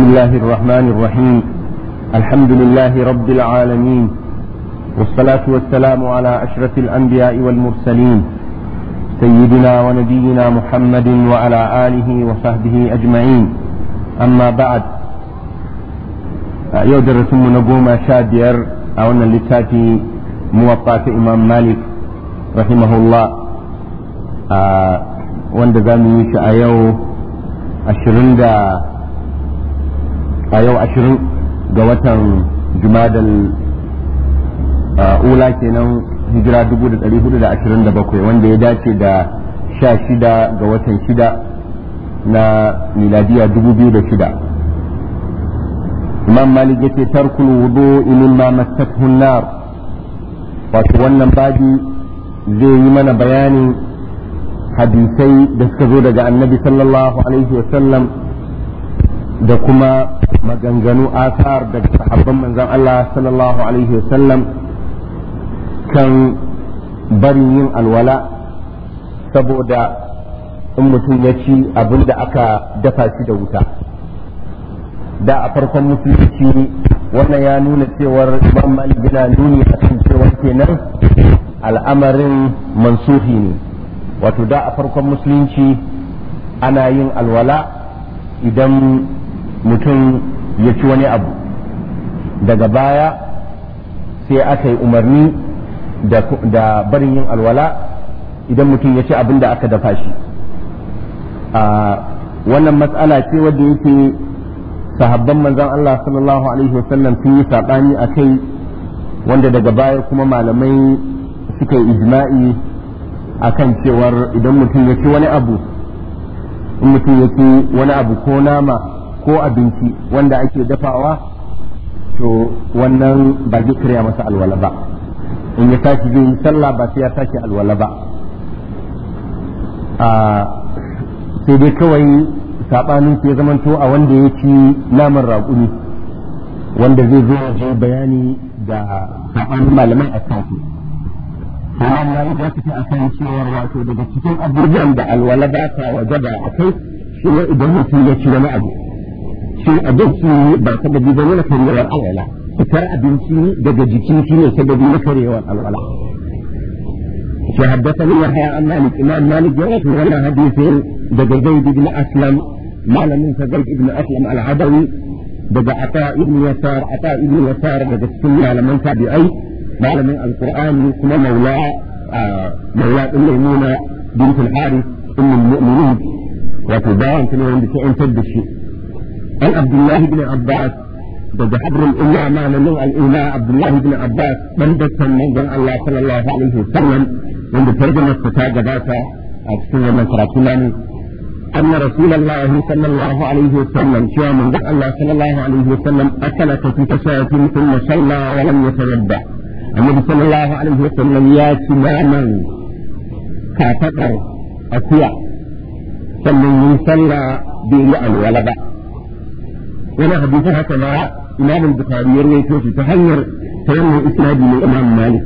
بسم الله الرحمن الرحيم الحمد لله رب العالمين والصلاة والسلام على أشرف الأنبياء والمرسلين سيدنا ونبينا محمد وعلى آله وصحبه أجمعين أما بعد يودر ثم نقوم شادير أعونا لتاتي موطأة إمام مالك رحمه الله آه وندزامي شأيو أشرندا a yau ashirin ga watan jumadal ula kenan hijira 1427 wanda ya dace da sha shida ga watan shida na miladiya 2006 imam malik ya ce tarkul wudu mimma massathu nar wato wannan babi zai yi mana bayanin hadisai da suka zo daga annabi sallallahu alaihi wasallam da kuma maganganu asar daga sahabban manzon Allah sallallahu alaihi wasallam kan bari yin alwala saboda in mutum ya ci abin da aka dafa shi da wuta da a farkon musulunci wannan ya nuna cewar imam malik yana nuni a kan cewar kenan al'amarin mansuhi ne wato da a farkon musulunci ana yin alwala idan mutum ya ci wani abu daga baya sai aka yi umarni da barin yin alwala idan mutum ya ci abin da aka dafa shi a wannan matsala ce wadda yake sahabban manzon Allah sallallahu alaihi wasallam sun yi saɓani a kai wanda daga baya kuma malamai suka yi ijma'i a kan cewar idan mutum ya ci wani abu in mutum ya ci wani abu ko nama ko abinci wanda ake dafawa to wannan ba zai karya masa alwala ba in ya tashi zai yi sallah ba sai ya tashi alwala ba ah, sai dai kawai sabanin ya zamanto a wanda ya ci naman raƙuni wanda zai zo ya bayani da sabanin malamai a kansu sannan ya yi za ta a kan cewar wato daga cikin abubuwan da alwala ba ta wajaba a kai shi idan mutum ya ci wani abu shi abinci ba sababi ba ne na karyewar alwala fitar abinci daga jiki shi ne sababi na karyewar alwala shi haddasani ya haya an malik imam malik ya wasu wannan hadisin daga zaid ibn aslam malamin sa zaid ibn aslam al-hadawi daga ata ibn yasar ata ibn yasar daga cikin malaman tabi'ai malamin alqur'ani kuma maula maula din maimuna bint al-harith ummul mu'minin wato bayan kuma wanda ta yantar da shi عن عبد الله بن عباس daga habrul umma malamin al'umma abdullahi bin abbas dan dattan manzon Allah sallallahu alaihi wasallam wanda tarjumar ta ta gabata a cikin wannan karatu namu anna rasulullahi sallallahu alaihi wasallam cewa manzon Allah sallallahu alaihi wasallam akala ta fi tasawufin thumma salla wa lam yatawadda annabi sallallahu alaihi wasallam ya ci naman kafaɗar akuya sannan yin sallah bai yi alwala ba wani hadisin haka ba imam al-bukhari ya rawaito shi ta hanyar ta wannan isnadi ne imam malik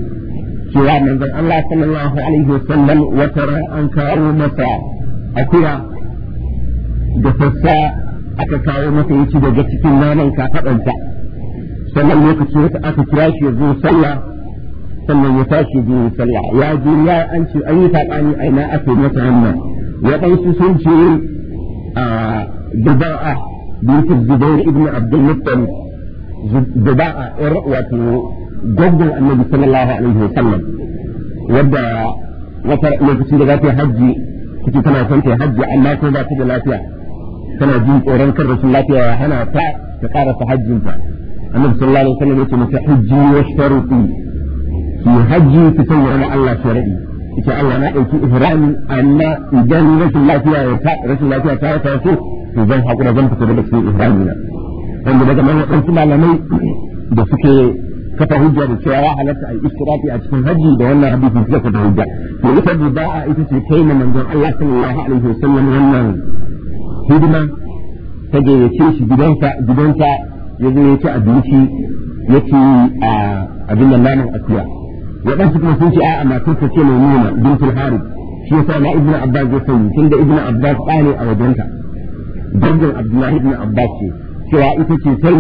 cewa manzon Allah sallallahu alaihi wasallam wata an kawo masa akuya da sassa aka kawo masa yaci daga cikin naman kafaɗanta sannan lokaci wata aka kira shi ya zo sallah sannan ya tashi sallah ya je ya an ce an yi saɓani a ina ake masa wannan Wadansu sun ce a ah, daba'a بنت الزبير ابن عبد المطلب زباء ارقوة جد النبي صلى الله عليه وسلم ودع وفر نفسي لغاتي حج كتي تنا سنتي حج عما كوبا تجلاتي تنا جنت ورنك الرسول الله تيا هنا تا تقارة حج انت النبي صلى الله عليه وسلم يتنا في حج وشترطي في حج تسوي على الله شرعي إن شاء الله أنا أتي إهرام أن إجاني رسول الله تيا رسول الله تيا تاسو to zan haƙura zan fita daga cikin ihrami wanda daga nan waɗansu malamai da suke kafa hujja da cewa ya halatta a yi istirafi a cikin hajji da wannan hadisi suka kafa hujja to ita da ba a ita ce kai na manzon Allah sallallahu alaihi wasallam wannan hidima ta gayyace shi gidansa gidansa ya zo ya ci abinci ya ci abin nan naman akiya waɗansu kuma sun ce a'a matarsa ce mai nuna bintul harib shi yasa na ibnu abbas ya sani tunda ibnu abbas ɗane a wajenta dangin Abdullahi ibn Abbas ce cewa ita ce sai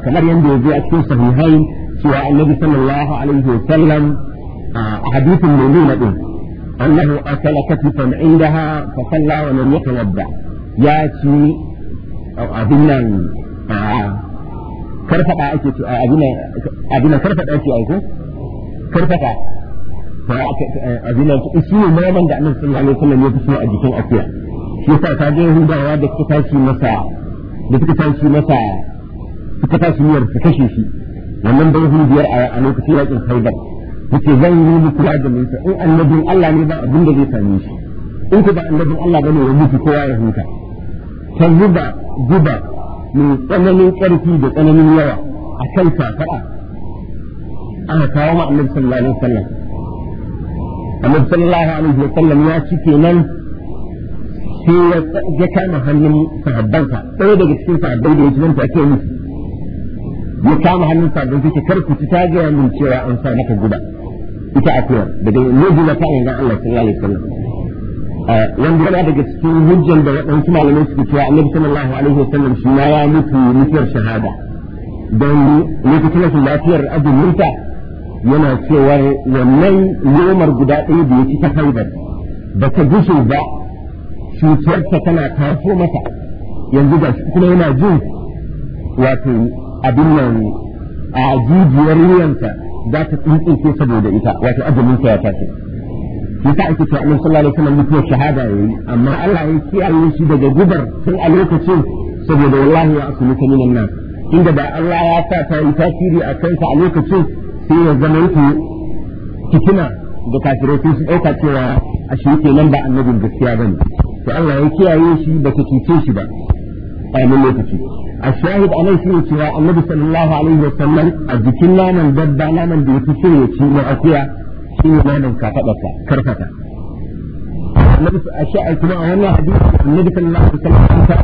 kamar yadda ya je a cikin sahihain cewa Annabi sallallahu alaihi wa sallam a hadithin din annahu akala katifan indaha fa salla wa lam yatawadda ya ci abin nan karfada ake abin abin karfada ake aiko karfada abin nan shi ne da Annabi sallallahu alaihi wa sallam ya a jikin akuya shi yasa ka ga yahudawa da suka tashi masa da suka tashi masa suka tashi niyyar su kashe shi wannan bai hujjar a lokacin yakin haibar yace zan yi muku adamin sa in annabin Allah ne ba abin da zai same shi in ku ba annabin Allah bane ya mutu kowa ya huta ta zuba zuba mai tsananin ƙarfi da tsananin yawa a kan kafaɗa ana kawo ma annabi sallallahu alaihi wasallam annabi sallallahu alaihi wasallam ya cike nan. sai ya kama hannun sahabbansa ɗaya daga cikin sahabbai da ya tunanta ake musu ya kama hannun sahabban sai kar ku ci ta gaya min cewa an sa maka guda ita akuyar daga lobi na fa'in ran Allah sallallahu alaihi wasallam wanda yana daga cikin hujjan da waɗansu malamai suke cewa annabi sallallahu alaihi wasallam shi ma ya mutu mutuwar shahada don lokacin rashin lafiyar azuminta yana cewa wannan yomar guda ɗaya da ya ci ta haidar ba ta gushe ba cutarsa tana taso masa yanzu ga kuma yana jin wato abin nan a jijiyar wuyansa za ta tsintsinke saboda ita wato ta ya taso yasa ake cewa annabi sallallahu alaihi wasallam mutuwar shahada yayi amma Allah ya kiyaye shi daga gubar tun a lokacin saboda wallahi ya asuluka minan nan inda da Allah ya sa ta yi tasiri a kansa a lokacin sai ya zama yake fitina da kafirai sun su ɗauka cewa a shi ke nan ba annabin gaskiya ba ne to Allah ya kiyaye shi ba ta cuce shi ba a wani lokaci a shahid a nan shine cewa annabi sallallahu alaihi wa sallam a jikin naman dabba naman da ya ci na akuya naman kafadarsa karfata annabi a kuma a wannan hadisi annabi sallallahu alaihi wa sallam ta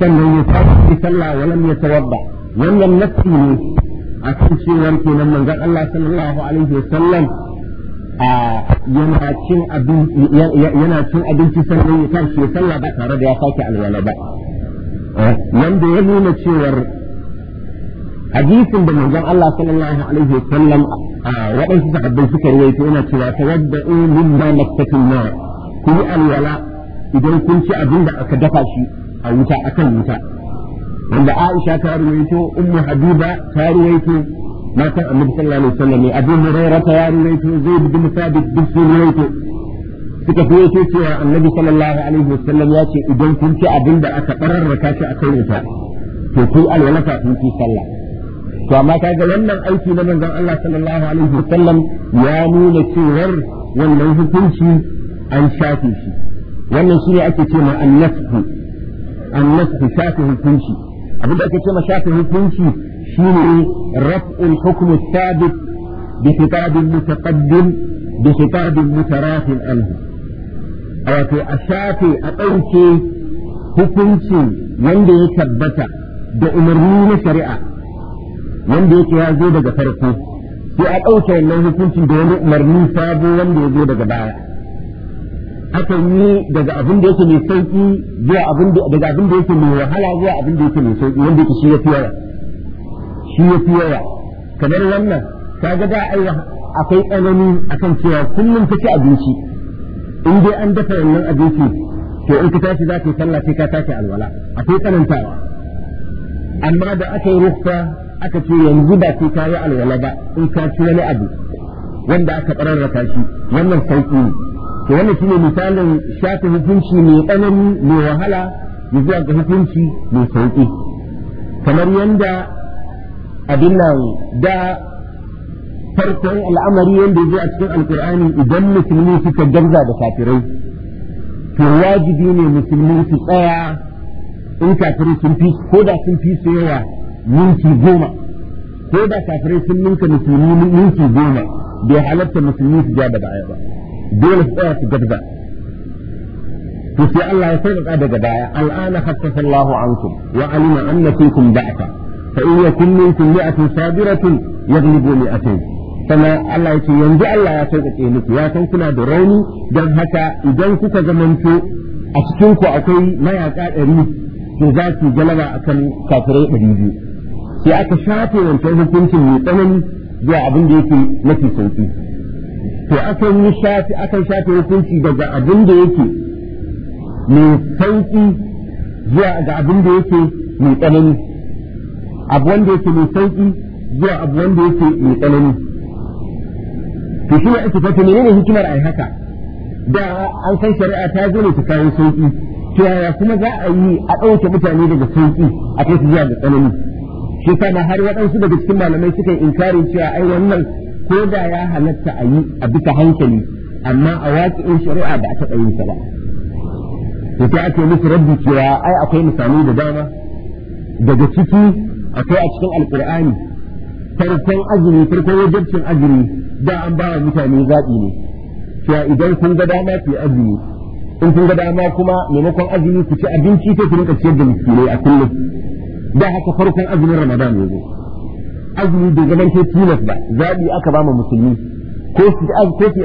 sannan ya tashi sallah walam yatawadda wannan nafsi ne a cikin kenan manzon Allah sallallahu alaihi wa sallam yana cin abinci yana cin abinci sannan ya tashi sallah ba tare da ya sake alwala ba eh, wanda ya nuna cewar hadisin da manzon Allah sallallahu alaihi wa sallam waɗansu sahabbai suka rawaito yana cewa tawadda'u mimma makkatun nar ku yi alwala idan kun ci abin da aka dafa shi a wuta akan wuta wanda Aisha ta rawaito Ummu Habiba ta rawaito ما كان النبي صلى الله عليه وسلم أبو هريرة يا رويت زيد بن ثابت بن سوريت suka fi yake cewa annabi sallallahu alaihi wasallam ya ce idan kun ci abin da aka kararraka shi akan wuta to kun alwalata kun ci sallah to amma kaga wannan aiki na manzon Allah sallallahu alaihi wasallam ya nuna cewar wannan hukunci an shafe shi wannan shine ake ce ma annasku hukunci abin da ce ma shafe hukunci shine raf'ul hukm thabit bi khitab mutaqaddim bi khitab wato a shafe a ɗauke hukuncin wanda ya tabbata da umarni na shari'a wanda yake ya zo daga farko sai a ɗauke wannan hukuncin da wani umarni sabo wanda ya zo daga baya akan yi daga abin da yake mai sauki zuwa abin da daga abin da yake mai wahala zuwa abin da yake mai sauki wanda yake shi ya fi yawa shi ya fi yawa kamar wannan ga da Allah akwai tsanani akan cewa kullum ka ci abinci in dai an dafa wannan abinci to in ka tashi za ka yi sallah sai ka tashi alwala akwai tsanantawa amma da aka yi rufsa aka ce yanzu ba sai ka yi alwala ba in ka ci wani abu wanda aka kararraka shi wannan sauki ne to wannan shine misalin shafi hukunci mai tsanani mai wahala zuwa ga hukunci mai sauki kamar yadda. abin nan da farkon al'amari yadda ya a cikin alkur'ani idan musulmi suka gamza da kafirai to wajibi ne musulmi su tsaya in kafirai sun fi ko da sun fi su yawa minti goma ko da kafirai sun ninka musulmi minti goma bai halatta musulmi su ja da baya ba dole su tsaya su gamza to sai Allah ya sauƙaƙa daga baya al'ana hakkasa Allahu ankum wa alima anna fikum da'ata فإن يكن منكم مئة صابرة يغلبوا مئتين sannan Allah ya ce yanzu Allah ya sauƙaƙe muku ya san kuna da rauni don haka idan kuka zamanto a cikin ku akwai mayaƙa ɗari to za ku galaba akan kafirai ɗari biyu sai aka shafe wancan hukuncin mai tsanani zuwa abin da yake mafi sauƙi to akan yi shafe hukunci daga abin da yake zuwa ga abin da yake mai tsanani abu wanda yake mai sauki zuwa abu wanda yake mai tsanani to shi ne ake fata menene hikimar ai haka da an san shari'a ta zo ne ta kawo sauki to yaya kuma za a yi a ɗauke mutane daga sauki a kai su zuwa ga tsanani shi sama har waɗansu daga cikin malamai suka yi inkarin cewa ai wannan ko da ya halatta a yi a bisa hankali amma a waƙi'in shari'a ba a taɓa yin sa ba to ta ake musu rabbi cewa ai akwai misalai da dama daga ciki akwai a cikin alkur'ani farkon azumi farkon wajibcin azumi da an ba wa mutane zaɓi ne cewa idan kun ga dama ku azumi in kun ga dama kuma maimakon azumi ku ci abinci sai ku rinka ciyar da miskinai a kullum da haka farkon azumin ramadan ne zo azumi bai gaban ke tilas ba zaɓi aka ba musulmi ko su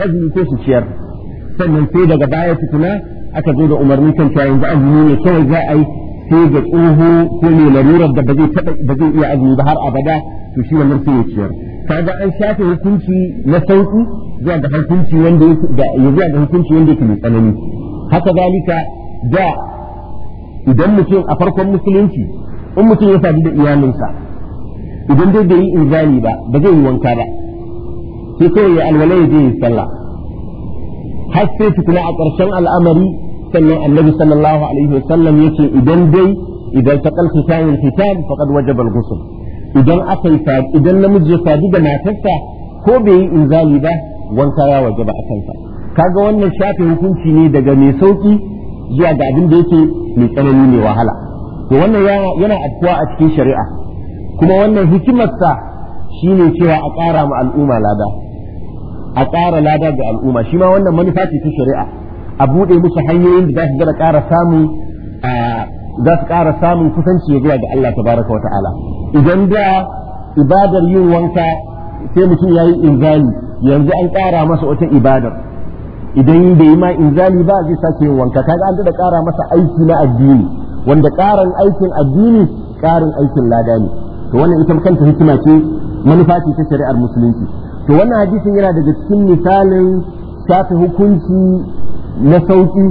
azumi ko su ciyar sannan sai daga baya tukuna aka zo da umarni kan cewa yanzu azumi ne kawai za a yi ko ga tsoho ko mai larurar da ba zai iya azumi ba har abada to shi wannan sai ya ciyar kaga an shafe hukunci na sauki zuwa ga hukunci wanda ya da zuwa ga hukunci wanda yake mai tsanani haka zalika da idan mutum a farkon musulunci in mutum ya sadu da iyalinsa idan dai bai yi inzali ba ba zai yi wanka ba sai kawai ya alwala ya je ya sallah har sai tukuna a ƙarshen al'amari sannan annabi sallallahu alaihi wasallam yake idan dai idan taqal fitan fitan faqad wajaba al-ghusl idan aka yi idan namiji ya sadu da matarsa ko bai yi inzali ba wanka ya wajaba a kansa kaga wannan shafin hukunci ne daga mai sauki zuwa ga abin da yake mai tsanani mai wahala to wannan yana addu'a a cikin shari'a kuma wannan hikimarsa shine cewa a ƙara ma al'umma lada a ƙara lada ga al'umma shi ma wannan manufa ce ta shari'a a buɗe musu hanyoyin da za su ƙara samun za su ƙara samun kusanci ya zuwa ga Allah tabaraka wa ta'ala idan da ibadar yin wanka sai mutum ya yi inzali yanzu an ƙara masa wata ibadar idan bai yi ma inzali ba zai sake yin wanka kaga an da ƙara masa aiki na addini wanda ƙarin aikin addini ƙarin aikin lada ne to wannan ita kanta hikima ce manufa ce ta shari'ar musulunci to wannan hadisin yana daga cikin misalin shafe hukunci na sauki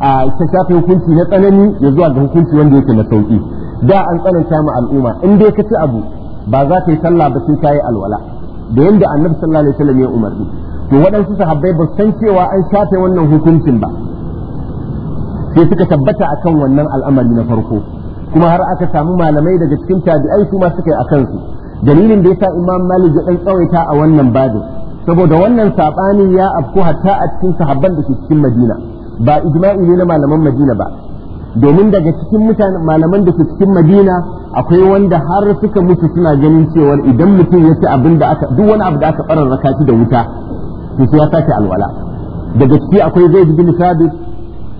a ta shafi hukunci na tsanani ya zuwa ga hukunci wanda yake na sauki da an tsananta ma al'umma in dai ka abu ba za ka yi sallah ba sai ka alwala da yanda annabi sallallahu alaihi wasallam ya umarni to waɗansu sahabbai ba san cewa an shafe wannan hukuncin ba sai suka tabbata akan wannan al'amari na farko kuma har aka samu malamai daga cikin tabi'ai kuma suka yi akan su dalilin da ya sa imam malik ya dan tsawaita a wannan babin saboda wannan saɓanin ya afku hatta a cikin sahabban da ke cikin Madina ba ijma'i ne na malaman Madina ba domin daga cikin mutane malaman da ke cikin Madina akwai wanda har suka mutu suna ganin cewa idan mutum ya ci abin da aka duk wani abu da aka farar rakaci da wuta to sai ya sake alwala daga ciki akwai Zaid bin Thabit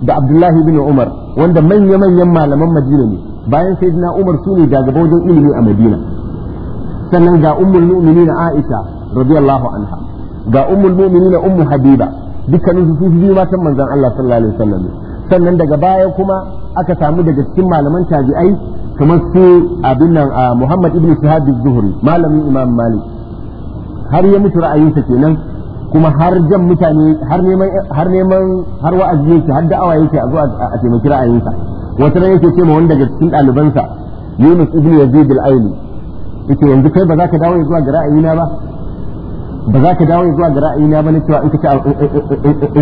da Abdullahi bin Umar wanda manya manyan malaman Madina ne bayan sayyidina Umar sune ne daga wajen ilimi a Madina sannan ga ummul mu'minin Aisha radiyallahu anha ga ummul mu'minina ummu habiba dukkanin su su biyu matan manzon Allah sallallahu alaihi wasallam sannan daga baya kuma aka samu daga cikin malaman tabi'ai kamar su abin nan Muhammad ibn Shihab az-Zuhri malamin Imam Malik har ya mutu ra'ayinsa kenan kuma har jan mutane har neman har neman har wa'azi yake har da'awa yake a zo a taimaki ra'ayinsa wata ran yake ce ma wanda daga cikin ɗalibansa Yunus ibn Yazid al-Aili yake yanzu kai ba za ka dawo zuwa ga ra'ayina ba ba za ka dawo zuwa ga ra'ayina bane cewa in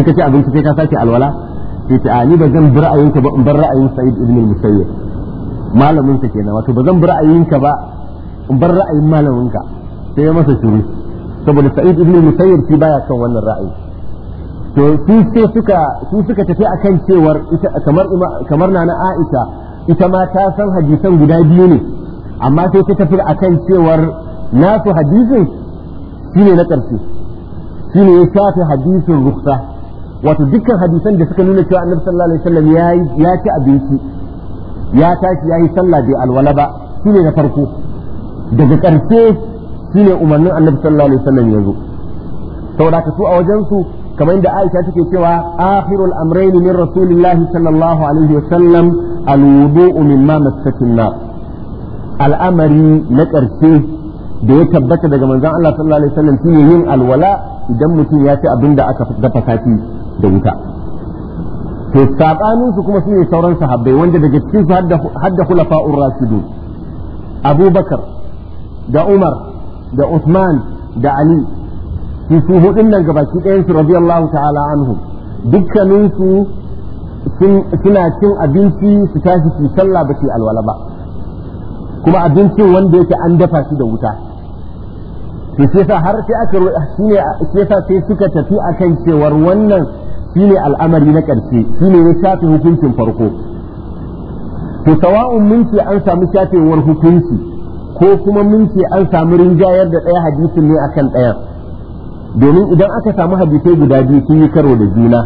ka ci abinci sai ka sake alwala sai ta ani ni ba zan bi ra'ayinka ba in bar ra'ayin Sa'id ibn al-Musayyib malamin sa kenan wato ba zan bi ra'ayinka ba in bar ra'ayin malamin ka sai ya masa shiru saboda Sa'id ibn al-Musayyib shi baya kan wannan ra'ayi to su sai suka su suka tafi akan cewar ita kamar kamar nana Aisha ita ma ta san hadisan guda biyu ne amma sai ta tafi akan cewar nasu hadisin shine na ƙarshe shine ya shafe hadisin ruksa wato dukkan hadisan da suka nuna cewa annabi sallallahu alaihi wasallam ya ci abinci ya tashi ya yi sallah bai alwala ba shine na farko daga ƙarshe shine umarnin annabi sallallahu alaihi wasallam ya zo saboda su a wajen su kamar yadda Aisha take cewa akhirul amrayn min rasulillah sallallahu alaihi wasallam alwudu'u mimma massatun al'amari na ƙarshe da ya tabbata daga manzon Allah sallallahu alaihi wasallam ne yin alwala idan mutum ya ci abin da aka dafa kafi da wuta to sabanin su kuma shine sauran sahabbai wanda daga cikin su hadda khulafa'ur rasidun Abubakar da Umar da Usman da Ali su su hudun nan gabaki ɗayan su radiyallahu ta'ala Anhu. Dukkaninsu suna cin abinci su tashi su sallah ba su alwala ba kuma abincin wanda yake an dafa shi da wuta to shi sa har sai aka shine shi yasa sai suka tafi akan cewar wannan ne al'amari na ƙarshe ne ya shafe hukuncin farko to sawa'un mun ce an samu shafewar hukunci ko kuma mun ce an samu rinjayar da ɗaya hadisin ne akan ɗaya domin idan aka samu hadisai guda biyu sun yi karo da juna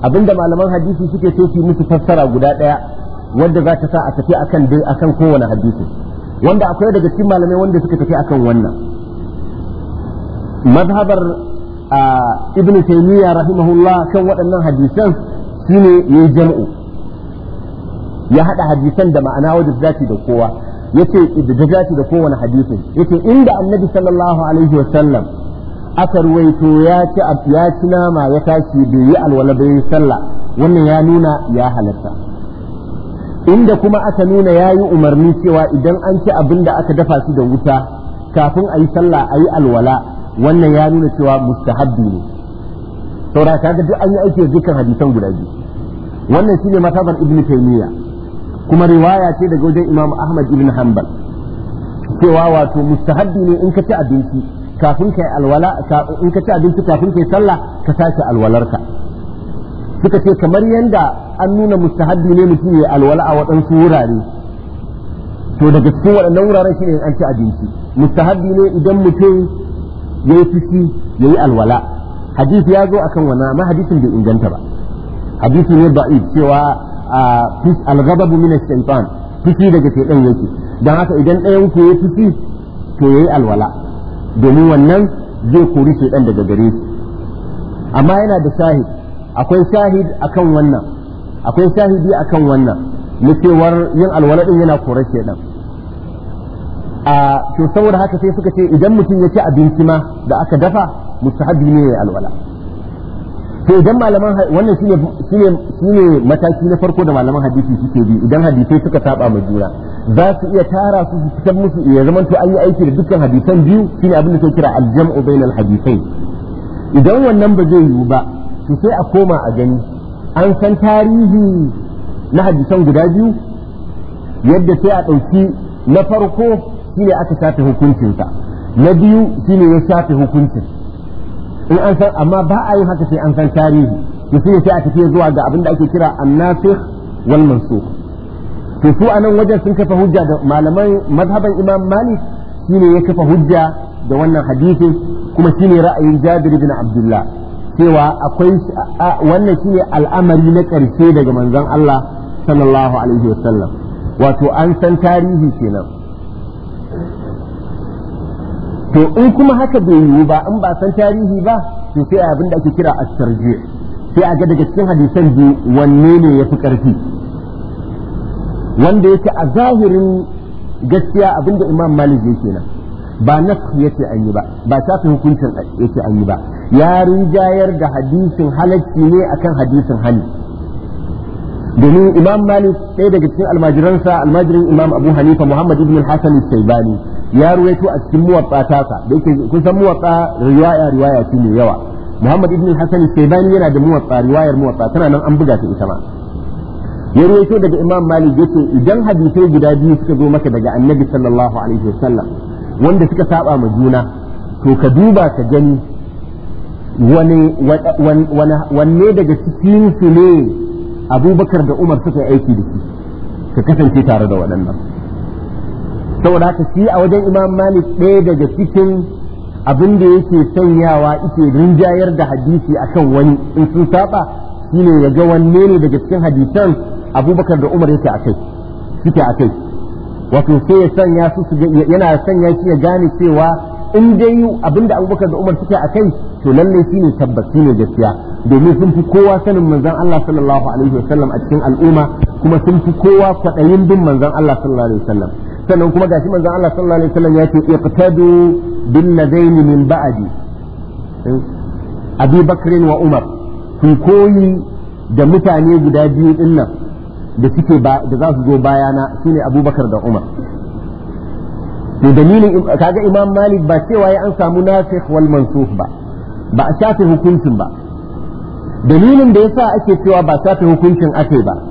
abinda malaman hadisi suke so su musu fassara guda ɗaya wanda za ta sa a tafi akan akan kowane hadisi wanda akwai daga cikin malamai wanda suka tafi akan wannan mazhabar ibn taymiya rahimahullah kan waɗannan hadisan shine yayi jam'u ya hada hadisan da ma'ana wajen zati da kowa yace da zati da kowane hadisi yace inda annabi sallallahu alaihi wa sallam aka ruwaito ya ci ya ci nama ya tashi bai yi alwala bai sallah wannan ya nuna ya halatta inda kuma aka nuna ya yi umarni cewa idan an ci abin da aka dafa shi da wuta kafin a yi sallah a yi alwala wannan ya nuna cewa mustahabbi ne saboda kaga duk an yi aiki da dukkan hadisan guda biyu wannan shine masabar ibn taymiya kuma riwaya ce daga wajen imam ahmad ibn hanbal cewa wato mustahabbi ne in ka ci abinci kafin kai alwala in ka ci abinci kafin kai sallah ka tashi alwalarka suka ce kamar yanda an nuna mustahabbi ne mutum ya alwala a waɗansu wurare to daga cikin waɗannan wuraren shine an ci abinci mustahabbi ne idan mutum ya yi fushi ya yi alwala hadisi ya zo a kan wannan amma hadisin bai inganta ba hadisi ne ba'i cewa al-ghadabu min fushi daga ɗan yake dan haka idan ɗayan ku ya fushi to yi alwala domin wannan zai kori shaytan daga gare shi amma yana da shahid akwai shahid akan wannan akwai shahidi akan wannan na cewar yin alwala din yana korar shaytan a to saboda haka sai suka ce idan mutum ya ci abinci ma da aka dafa mustahabi ne ya alwala to idan malaman wannan shine shine shine mataki na farko da malaman hadisi suke bi idan hadisai suka saba ma juna za su iya tara su fitar musu ya zama to an yi aiki da dukkan hadisan biyu shine abin da ke kira aljam'u bainal hadisai idan wannan ba zai yiwu ba to sai a koma a gani an san tarihi na hadisan guda biyu yadda sai a ɗauki na farko shine aka shafe hukuncinsa na biyu ne ya shafe hukuncin in an san amma ba a yin haka sai an san tarihi to sai sai a tafi zuwa ga abin da ake kira annasikh wal mansukh to su anan wajen sun kafa hujja da malaman mazhaban imam malik ne ya kafa hujja da wannan hadisin kuma ne ra'ayin jabir bin abdullah cewa akwai wannan shine al'amari na ƙarshe daga manzon Allah sallallahu alaihi wasallam wato an san tarihi kenan to in kuma haka bai yiwu ba in ba san tarihi ba to sai abin da ake kira astarji sai a ga daga cikin hadisan biyu wanne ne ya fi ƙarfi wanda yake a zahirin gaskiya abin da imam malik yake nan ba nas ce an yi ba ba fi hukuncin yake an yi ba ya rinjayar da hadisin halacci ne akan hadisin hali domin imam malik ɗaya daga cikin almajiransa almajirin imam abu hanifa muhammad ibn al-hasan al-shaybani ya ruwaito a cikin muwatta tasa da yake kun san muwatta riwaya riwaya ce mai yawa Muhammad ibn Hassan Shaybani yana da muwatta riwayar muwatta tana nan an buga ta ita ma ya ruwaito daga Imam Malik yace idan hadisai guda biyu suka zo maka daga Annabi sallallahu alaihi wasallam wanda suka saba ma juna to ka duba ka gani wani wanne daga cikin su ne Abubakar da Umar suka yi aiki da shi ka kasance tare da waɗannan saboda haka shi a wajen imam malik ɗaya daga cikin abin da yake sanyawa ike rinjayar da hadisi akan wani in sun saba shine ya ga wanne ne daga cikin hadisan abubakar da umar yake kai suke kai wato sai ya sanya su yana sanya shi ya gane cewa in dai abin da abubakar da umar suke akai to lallai shine tabbas shine gaskiya domin sun fi kowa sanin manzon Allah sallallahu alaihi wasallam a cikin al'umma kuma sun fi kowa kwaɗayin bin manzon Allah sallallahu alaihi wasallam sannan kuma gashi manzon Allah sallallahu alaihi wasallam ya ce iqtadu bil ladain min ba'di eh, Abi Bakr wa Umar ku koyi da mutane guda biyu din nan da suke da za su zo bayana shine Abubakar da Umar to dalilin kaga Imam Malik ba cewa ya an samu nasikh wal mansukh ba ba a shafe hukuncin ba dalilin da yasa ake cewa ba shafe hukuncin ake ba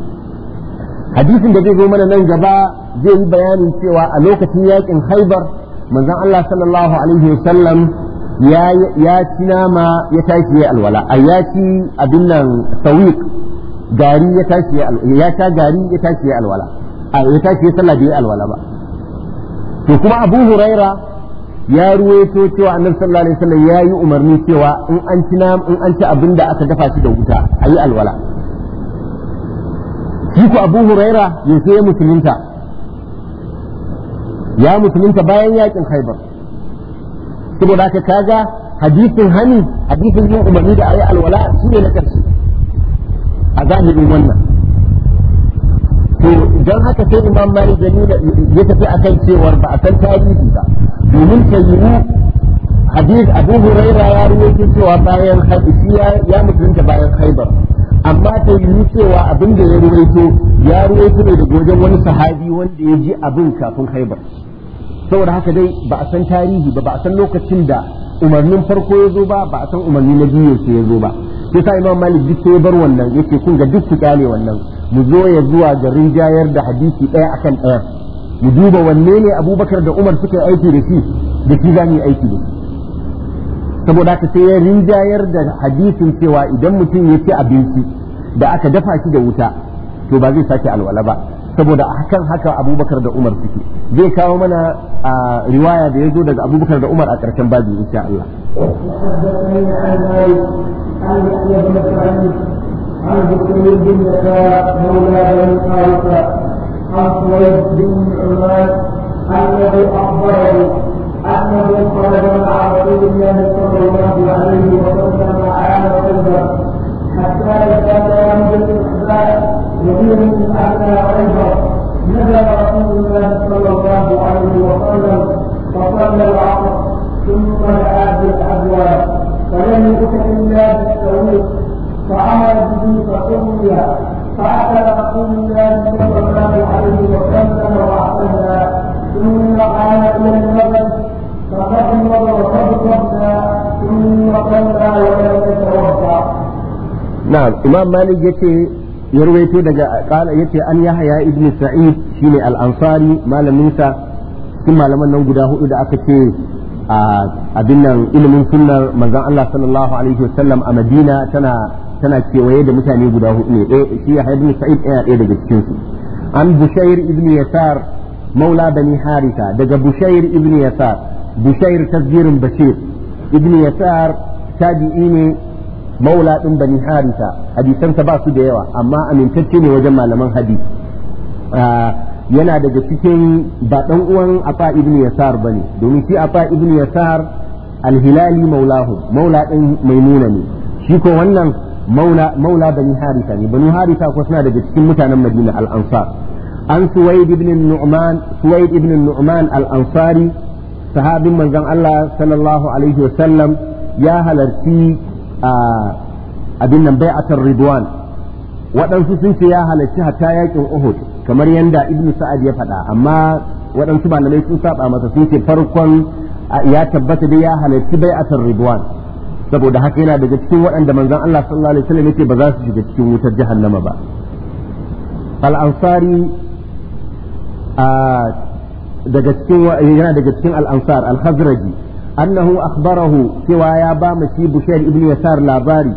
hadisin da zai zo mana nan gaba zai yi bayanin cewa a lokacin yakin haibar manzon Allah sallallahu alaihi wasallam ya ya ci nama ya tashi ya alwala a ya ci abin nan sawiq gari ya tashi ya ta gari ya tashi ya alwala a ya tashi ya sallah bai alwala ba to kuma Abu Huraira ya ruwaito cewa annabi sallallahu alaihi wasallam ya yi umarni cewa in an ci in an ci abin da aka dafa shi da wuta ayi alwala yiku abu huraira ya musulunta ya musulunta bayan yakin haibar saboda haka kaga hadisin hani hadisin yin umarni da ayi alwala su ne na karshe a zahirin wannan to don haka sai imam malik ya tafi akan cewar ba a san tarihi ba domin ta yiwu hadith abu huraira ya ruwaito cewa bayan haibar ya mutunta bayan haibar amma ta yiwu cewa abin da ya ruwaito ya ruwaito ne daga wajen wani sahabi wanda ya ji abin kafin haibar saboda haka dai ba a san tarihi ba ba a san lokacin da umarnin farko ya zo ba ba a san umarni na biyu sai ya zo ba yasa imam malik duk sai bar wannan yake kun ga duk su kyale wannan mu zo ya zuwa garin jayar da hadisi ɗaya akan ɗaya mu duba wanne ne abubakar da umar suka aiki da shi da shi za mu yi aiki da shi saboda aka sai ya rinjayar da hadisin cewa idan mutum ya ci abinci da aka dafa shi da wuta to ba zai sake alwala ba saboda kan haka abubakar da umar suke zai kawo mana a riwaya da ya zo daga abubakar da umar a ƙarshen babi insha Allah عن بكير بن أنه خرج مع رسول الله صلى الله عليه وسلم عام خيبر حتى إذا لم يستحباب يقول من أهل خيبر نزل رسول الله صلى الله عليه وسلم فصلى العصر ثم دعا بالأبواب فلم يكن إلا بالتوبة فأمر به فحمي فأتى رسول الله صلى الله عليه وسلم وأعتذر ثم قال إلى المغرب فقدم وقد ثم صلى ولم يتوضأ نعم إمام مالك يتي yarwaito daga kala yace an ya yahya ibn sa'id shine al-ansari malamin sa cikin malaman nan guda hudu da aka ce a abin nan ilimin sunnar manzon Allah sallallahu alaihi wasallam a Madina tana kewaye da mutane guda hudu ne eh shi yahya ibn sa'id yana ɗaya daga cikin su an bushair ibn yasar maula bani harisa daga bushair ibn yasar bushair tasbirin bashir ibn yasar tabi'i ne maula din bani harisa hadisansa ba su da yawa amma amintacce ne wajen malaman hadisi yana daga cikin ba dan uwan afa ibn yasar ba ne domin shi afa ibn yasar alhilali maulahu maula din maimuna ne shi ko wannan maula maula bani harisa ne bani harisa ko suna daga cikin mutanen madina al-ansar an suwaid ibn nu'man al-ansari sahabin manzon Allah sallallahu alaihi wasallam ya halarci abin nan bai'atar ridwan waɗansu sun ce ya halarci hatta yakin uhud kamar yanda ibn sa'ad ya faɗa amma waɗansu malamai sun saba masa sun ce farkon ya tabbata da ya halarci bai'atar ridwan saboda haka yana daga cikin waɗanda manzon Allah sallallahu alaihi wasallam yake ba za su shiga cikin wutar jahannama ba al-ansari daga cikin yana daga cikin al-ansar al-khazraji annahu akhbarahu cewa ya ba mu shi bushair ibn yasar labari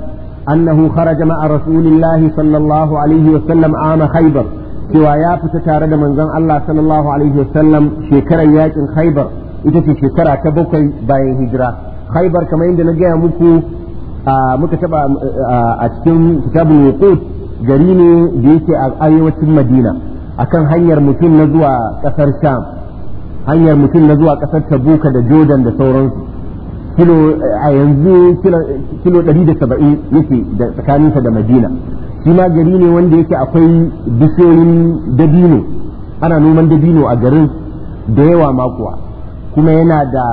annahu kharaja ma'a rasulillahi sallallahu alaihi wa sallam ama khaybar cewa ya fita tare da manzon Allah sallallahu alaihi wa sallam shekarar yakin khaybar ita ce shekara ta bakwai bayan hijira khaybar kamar yadda na gaya muku muka taba a cikin kitabul wuqut gari ne da yake a arewacin madina akan hanyar mutum na zuwa kasar sham hanyar mutum na zuwa kasar tabuka da jordan da sauransu kilo a yanzu kilo 170 yake da tsakaninsa da madina shi ma gari ne wanda yake akwai bishiyoyin dabino ana noman dabino a garin da yawa makuwa kuma yana da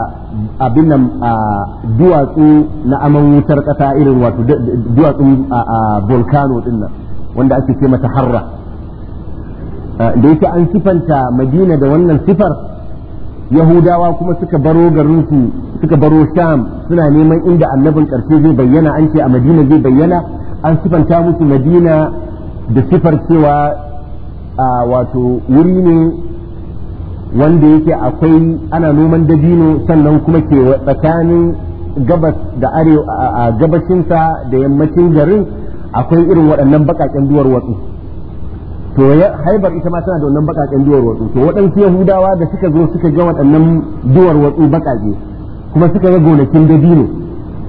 abin nan duwatsu na aman wutar ƙasa irin wato duwatsun volcano din nan wanda ake ce mata harra da yake an sifanta madina da wannan sifar yahudawa kuma suka baro garinsu suka baro sham suna neman inda annabin ƙarshe zai bayyana an ce a madina zai bayyana an sifanta musu madina da sifar cewa a wato wuri ne wanda yake akwai ana noman dabino sannan kuma ke tsakanin gabas da arewa a gabashinsa da yammacin garin akwai irin waɗannan baƙaƙen duwar watsu to ya haibar ita ma tana da wannan bakaken duwar watsu to waɗansu yahudawa da suka zo suka ga waɗannan duwar watsu bakaje kuma suka ga gonakin dabino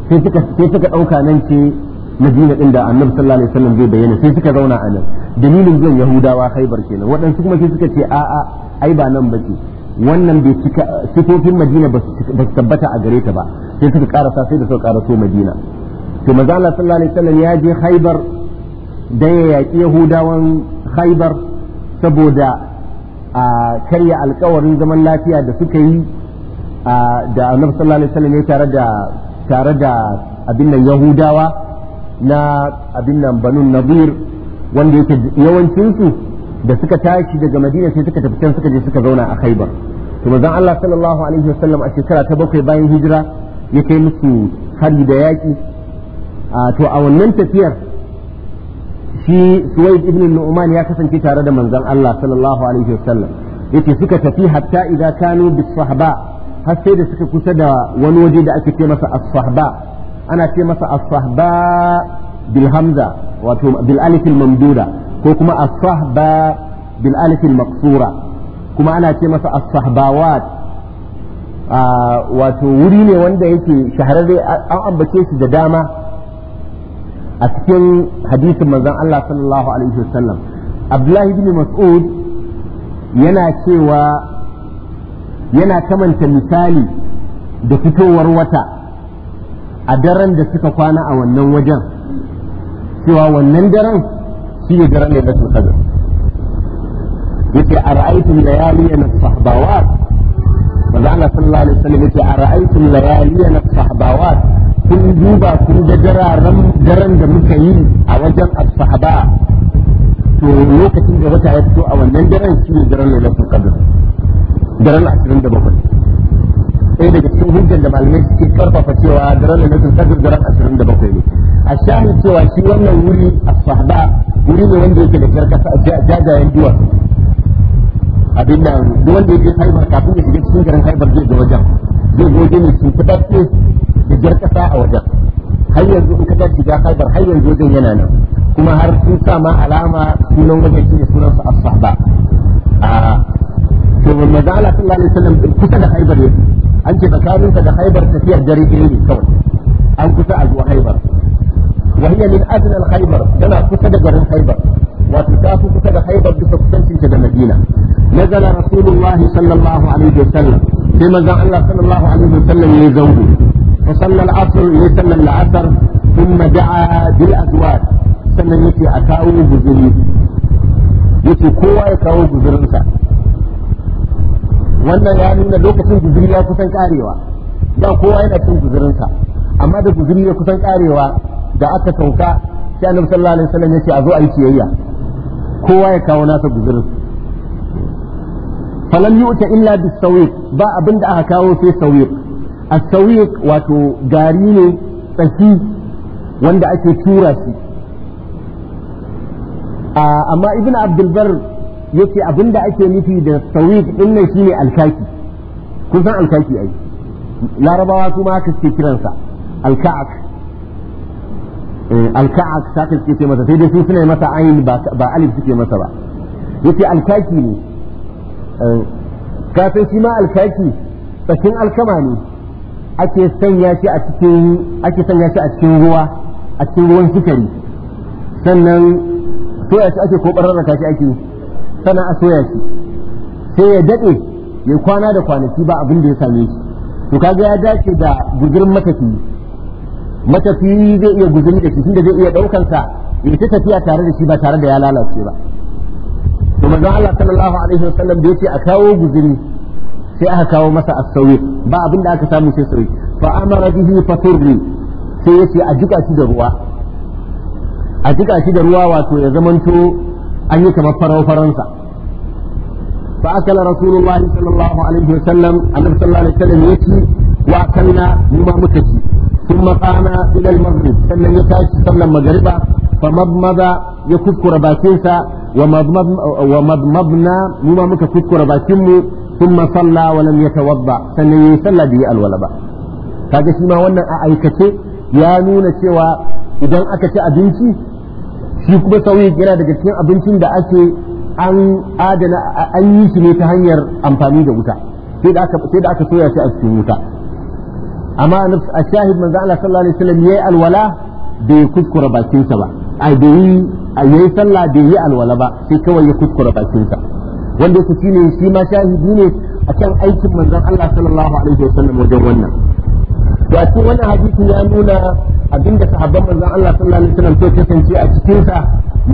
sai suka sai suka ɗauka nan ce madina din da annabi sallallahu alaihi wasallam zai bayyana sai suka zauna a nan dalilin zuwan yahudawa haibar kenan waɗansu kuma sai suka ce a'a ai ba nan bace wannan bai cika sifofin madina ba su tabbata a gare ta ba sai suka karasa sai da suka karaso madina to manzo Allah sallallahu alaihi wasallam ya je haibar da ya yaƙi yahudawan Khaibar saboda a karya alkawarin zaman lafiya da suka yi da annabi sallallahu alaihi wasallam ya tare da tare da abin nan yahudawa na abin nan banun nadir wanda yake yawancinsu da suka tashi daga madina sai suka tafi can suka je suka zauna a haibar to manzon Allah sallallahu alaihi wasallam a shekara ta bakwai bayan hijira ya kai musu hari da yaki to a wannan tafiyar shi suwaid ibn nu'man ya kasance tare da manzon Allah sallallahu alaihi wasallam yace suka tafi hatta idza kanu bis sahaba har sai da suka kusa da wani waje da ake ce masa as-sahaba ana ce masa as-sahaba bil hamza wato bil alif al mamduda ko kuma as-sahaba bil alif al maqsura kuma ana ce masa as-sahbawat ah, wato wuri ne wanda yake shahararre an ambace shi da dama a cikin hadisin manzon Allah sallallahu alaihi wasallam Abdullahi bin Mas'ud yana cewa yana kamanta misali da fitowar wata a daren da suka kwana a wannan wajen cewa wannan daren shi ne daren da nasu kadar yake a ra'aitun layaliya na sahbawa maza Allah sallallahu alaihi wasallam yake a ra'aitun layaliya na sahbawa kun duba kun ga daren da muka yi a wajen asfahaba to lokacin da wata ya fito a wannan daren shi ne kadar lailatul qadr da bakwai sai daga cikin hujjar da malamai suke karfafa cewa kadar lailatul asirin da bakwai ne a shahin cewa shi wannan wuri asfahaba wuri ne wanda yake da jarkasa jajayen duwatsu abin da duk wanda yake haibar kafin ya shiga cikin garin haibar zai ga wajen zai goge ne shi fitaffe da jar kasa a wajen har yanzu in ka ta shiga haibar har yanzu wajen yana nan kuma har sun sa ma alama sunan wajen shi ne sunan sa as-sahba a to manzo Allah sallallahu alaihi wasallam kusa da haibar yake an ce tsakanin ka da haibar tafiyar dare ɗaya ne kawai an kusa a zuwa haibar wa hiya min adna al-khaybar tana kusa da garin haibar wato ta fi kusa da haibar bisa kusancinta da madina nazala rasulullahi sallallahu alaihi wasallam sai manzon Allah sallallahu alaihi wasallam ya zango فصلى العصر يصلى العصر ثم دعا بالأزواج sannan yake a kawo guzuri yake kowa ya kawo guzurinsa wannan ya nuna lokacin guzuri ya kusan karewa da kowa yana cin guzurinsa amma da guzuri ya kusan karewa da aka sauka sai annabi sallallahu alaihi wasallam yace a zo a yi ciyayya kowa ya kawo nasa guzurin falan yu'ta illa bis ba abinda aka kawo sai sawiq asawiq wato gari ne tsaki wanda ake tura shi amma ibn abdulbar yake abinda ake nufi da sawiq din nan shine alkaki kun san alkaki ai larabawa su ma haka suke kiransa alka'ak alka'ak saka suke ce masa sai dai su suna masa ayin ba alif suke masa ba yace alkaki ne kafin shi ma alkaki tsakin alkama ne ake sanya shi a cikin ake sanya shi a cikin ruwa a cikin ruwan sukari sannan soya shi ake ko raka shi ake sannan a soya shi sai ya dade ya kwana da kwanaki ba abin da ya same shi to kaga ya dace da gudurin matafiyi matafiyi zai iya guzuri da shi da zai iya daukan sa ya ta tafiya tare da shi ba tare da ya lalace ba to manzon Allah sallallahu alaihi wasallam da yace a kawo guzuri sai aka kawo masa asawi ba abin da aka samu sai sauri fa amara bihi fa turri sai yace a jika shi da ruwa a jika shi da ruwa wato ya zamanto an yi kamar farau faransa fa akala rasulullahi sallallahu alaihi wasallam annabi sallallahu alaihi wasallam yace wa akalna mimma muka ci ثم قام إلى المغرب سنة يتاج سنة مغربة فمضمض يكذكر باكنسا ومضمضنا مما مكا كذكر باكنمو ثم صلى ولم يتوضا sannan yayi sallah bai alwala ba kaga shi ma wannan a aikace ya nuna cewa idan aka ci abinci shi kuma sauyi yana daga cikin abincin da ake an adana an yi shi ne ta hanyar amfani da wuta sai da aka sai da aka soya shi a cikin wuta amma a shahid manzo Allah sallallahu alaihi wasallam yayi alwala bai kuskura bakinsa ba ai bai yayi sallah bai yi alwala ba sai kawai ya kuskura bakinsa wanda yake shine shi ma shahidi ne akan aikin manzon Allah sallallahu alaihi wasallam wajen wannan to a cikin wannan hadisin ya nuna abinda sahabban manzon Allah sallallahu alaihi wasallam ke kasance a cikin sa